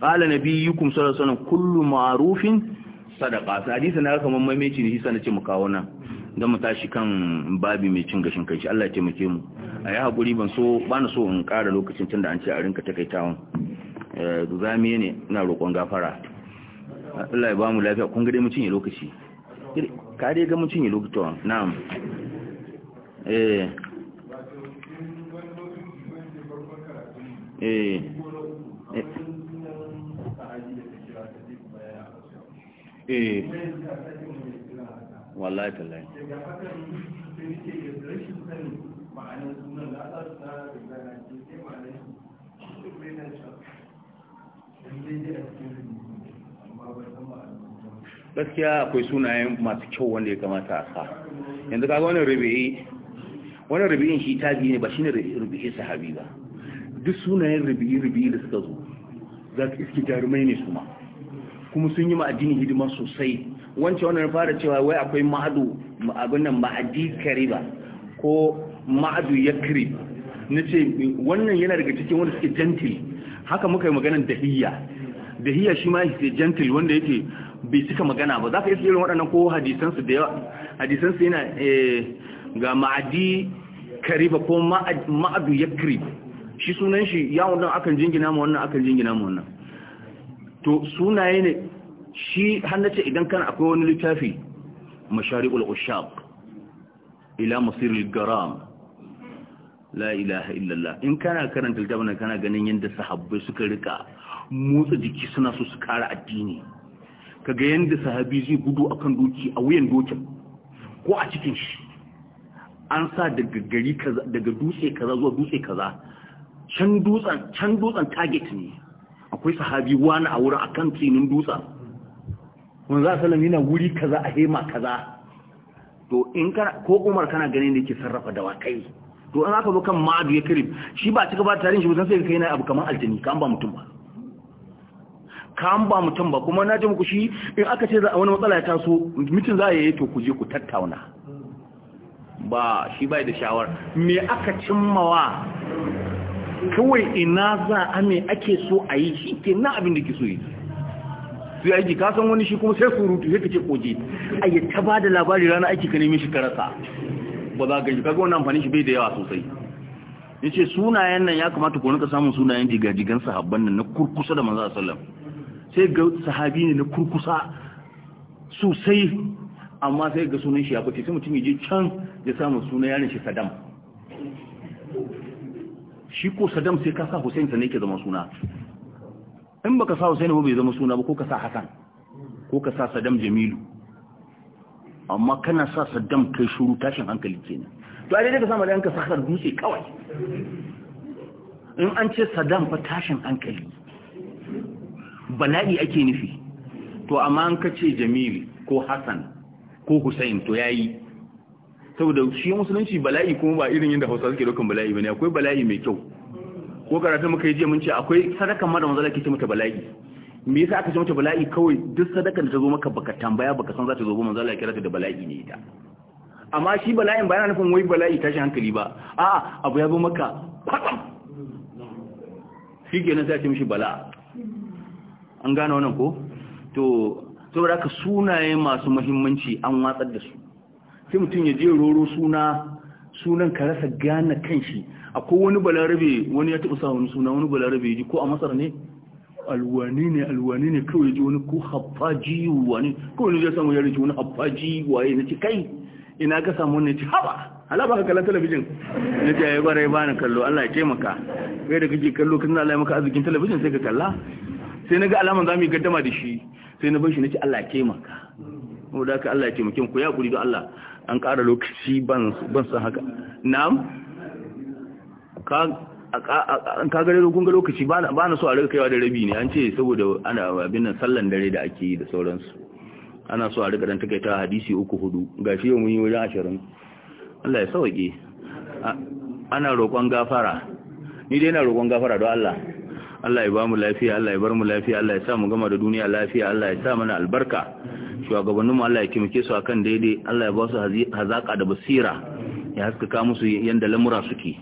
qala nabiyukum sallallahu alaihi wasallam kullu ma'rufin sadaqa sai hadisi na kaman mameci ne sai na ce mu kawo nan dan mu tashi kan babi mai cin gashin kai Allah ya taimake mu ayi hakuri ban so ba na so in ƙara lokacin tunda an ce a rinka takaitawan eh zami ne ina roƙon gafara Allah ya ba mu lafiya kun ga dai mu cinye lokaci ka dai ga mu cinye lokaci na'am Eh. Eh. eh eh wallahi gaskiya akwai sunayen masu kyau wanda ya kamata a sa yanzu kaga wani rubi'i wani rubi'in shi ta ne ba shi ne rubi'in sahabi ba duk sunayen rubi'in rubi'in da suka zo za su iske jarumai ne su ma kuma sun yi ma'adini hidima sosai wancan wannan fara cewa wai akwai ma'adu abin nan ma'adi kariba ko ma'adu ya kiri na ce wannan yana daga cikin wanda suke gentil haka muka yi maganar dahiya dahiya shi ma yake gentil wanda yake bai cika magana ba za ka iske irin waɗannan ko hadisansu da yawa hadisansu yana eh, ga ma'adi kariba ko ma'adu ya krib shi sunan shi yawon nan akan jingina ma wannan akan jingina ma wannan to sunaye ne shi hannace idan kana akwai wani littafi mashari'ul ushab ila masirul garam la ilaha illallah in kana karanta littafin kana ganin yadda sahabbai suka rika motsa jiki suna so su kara addini kaga yadda sahabi zai gudu akan doki a wuyan dokin ko a cikin shi an sa daga gari daga dutse kaza zuwa dutse kaza can dutsen can dutsen target ne akwai sahabi wani a wurin akan tsinin dutsen za sallam yana wuri kaza a hema kaza to in kana ko Umar kana ganin da yake sarrafa dawakai to an aka zo kan ma'adu ya karim shi ba cika ba tarin shi ba sai kai na abu kamar aljini kan ba mutum ba kan ba mutum ba kuma na ji muku shi in aka ce za a wani matsala ya taso mutum za a yi eh, to ku je ku tattauna ba shi bai da shawar me aka cimmawa kawai ina za a me ake so a yi shi ke na abin da ke so yi su yi aiki kasan wani shi kuma sai surutu sai ka ce koje a yi ta ba da labari rana aiki ka nemi shi karasa ba za ka yi kaga wani amfani shi bai da yawa sosai ya ce sunayen nan ya kamata ku nuka samun sunayen jigajigan sahabban nan na kurkusa da manzo sallam sai ga sahabi ne na kurkusa sosai amma sai ga sunan shi ya fice sai mutum ya je can ya samu sunan yaron shi Saddam shi ko Saddam sai ka sa Hussein ta ne ke zama suna in baka sa Hussein ba bai zama suna ba ko ka sa Hassan ko ka sa Saddam Jamilu amma kana sa Saddam kai shuru tashin hankali kenan to a dai ka samu ka sa Hassan dutse kawai in an ce Saddam fa tashin hankali bala'i ake nufi to amma an kace Jamilu ko Hassan ko Hussein to yayi saboda shi musulunci bala'i kuma ba irin yadda Hausa suke dokan bala'i bane akwai bala'i mai kyau ko karatu muka yi je mun ce akwai sadakan ma da manzo Allah ke ce mata bala'i me yasa aka ce mata bala'i kawai duk sadakan da ta zo maka baka tambaya baka san za ta zo ba manzo Allah ya kira ta da bala'i ne ita amma shi bala'in ba yana nufin wai bala'i tashi hankali ba a'a abu ya zo maka kwatsam shi kenan sai a ce mishi bala'a an gane wannan ko to saboda haka sunaye masu muhimmanci an watsar da su sai mutum ya je roro suna sunan ka rasa gane kanshi akwai wani balarabe wani ya taɓa sa wani suna wani balarabe ya ji ko a masar ne alwani ne alwani ne kawai ya ji wani ko haffaji wani kawai ya samu ya rike wani haffaji waye na ci kai ina ka samu wani ya ci haba ala baka kallon talabijin na ce ya yi bara ya bani kallo Allah ya taimaka kai da kake kallo kan Allah ya maka arzikin talabijin sai ka kalla sai na ga alaman za mu yi gaddama da shi sai na bashi shi nace Allah ya taimaka mu da ka Allah ya taimake ku ya kuri da Allah an ƙara lokaci ban ban san haka na'am ka ka gare kun ga lokaci ba na so a riga kaiwa da rabi ne an ce saboda ana abin nan sallan dare da ake yi da sauransu ana so a riga dan takaita hadisi uku hudu gashi yau mun yi wajen ashirin Allah ya sauke ana roƙon gafara ni dai na roƙon gafara don Allah Allah ya ba mu lafiya Allah ya bar mu lafiya Allah ya sa mu gama da duniya lafiya Allah ya sa mana albarka shugabannin mu Allah ya kimke su akan daidai Allah ya ba su hazaka da basira ya haskaka musu yanda lamura suke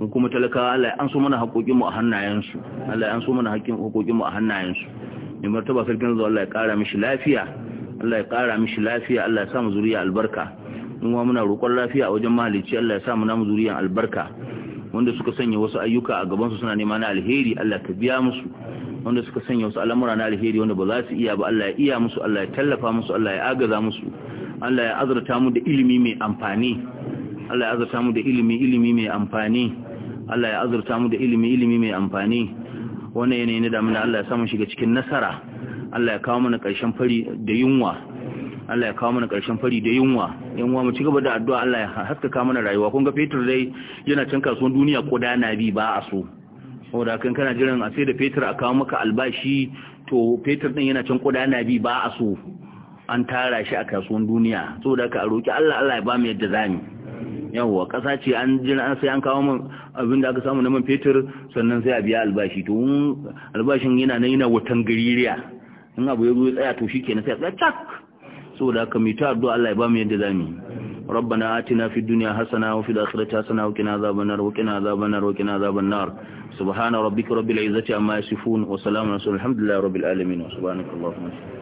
mu kuma talakawa Allah ya an so mana haƙoƙin mu a hannayensu Allah ya an so mana haƙoƙin mu a hannayensu ne martaba sarkin zuwa Allah ya ƙara mishi lafiya Allah ya ƙara mishi lafiya Allah ya sa mu zuriya albarka mu muna roƙon lafiya a wajen mahalicci Allah ya sa mu namu zuriyan albarka wanda suka sanya wasu ayyuka a gabansu suna nema na alheri Allah ka biya musu wanda suka sanya wasu al'amura na alheri wanda ba za su iya ba Allah ya iya musu Allah ya tallafa musu Allah ya agaza musu Allah ya azurta mu da ilimi mai amfani Allah ya azurta mu da ilimi ilimi mai amfani Allah ya azurta mu da ilimi ilimi mai amfani wannan yanayi na damuna Allah ya samu shiga cikin nasara Allah ya kawo mana ƙarshen fari da yunwa Allah ya kawo mana ƙarshen fari da yunwa yunwa mu ci gaba da addu'a Allah ya haskaka mana rayuwa kun ga fetur dai yana cin kasuwan duniya koda na bi ba a so saboda kan kana jiran a sai da fetur a kawo maka albashi to fetur din yana can koda na bi ba a so an tara shi a kasuwan duniya saboda ka roki Allah Allah ya ba mu yadda zamu yawwa ƙasa ce an jira an sai an kawo min abin da aka samu na man fetur sannan sai a biya albashi to albashin yana nan yana watan gaririya in abu ya zo ya tsaya to shikenan sai a tsaya cak saboda haka mai ta addu’a Allah ya ba mu yadda za mu ati na fi duniya hasana wa fi da asirar ta sana wakina zaben nar wakina zaben wakina zaben nar subhana rabbika amma ya wa salamun rasulullahi alhamdulillah rabbil alamin wa subhanakallahu wa ta'ala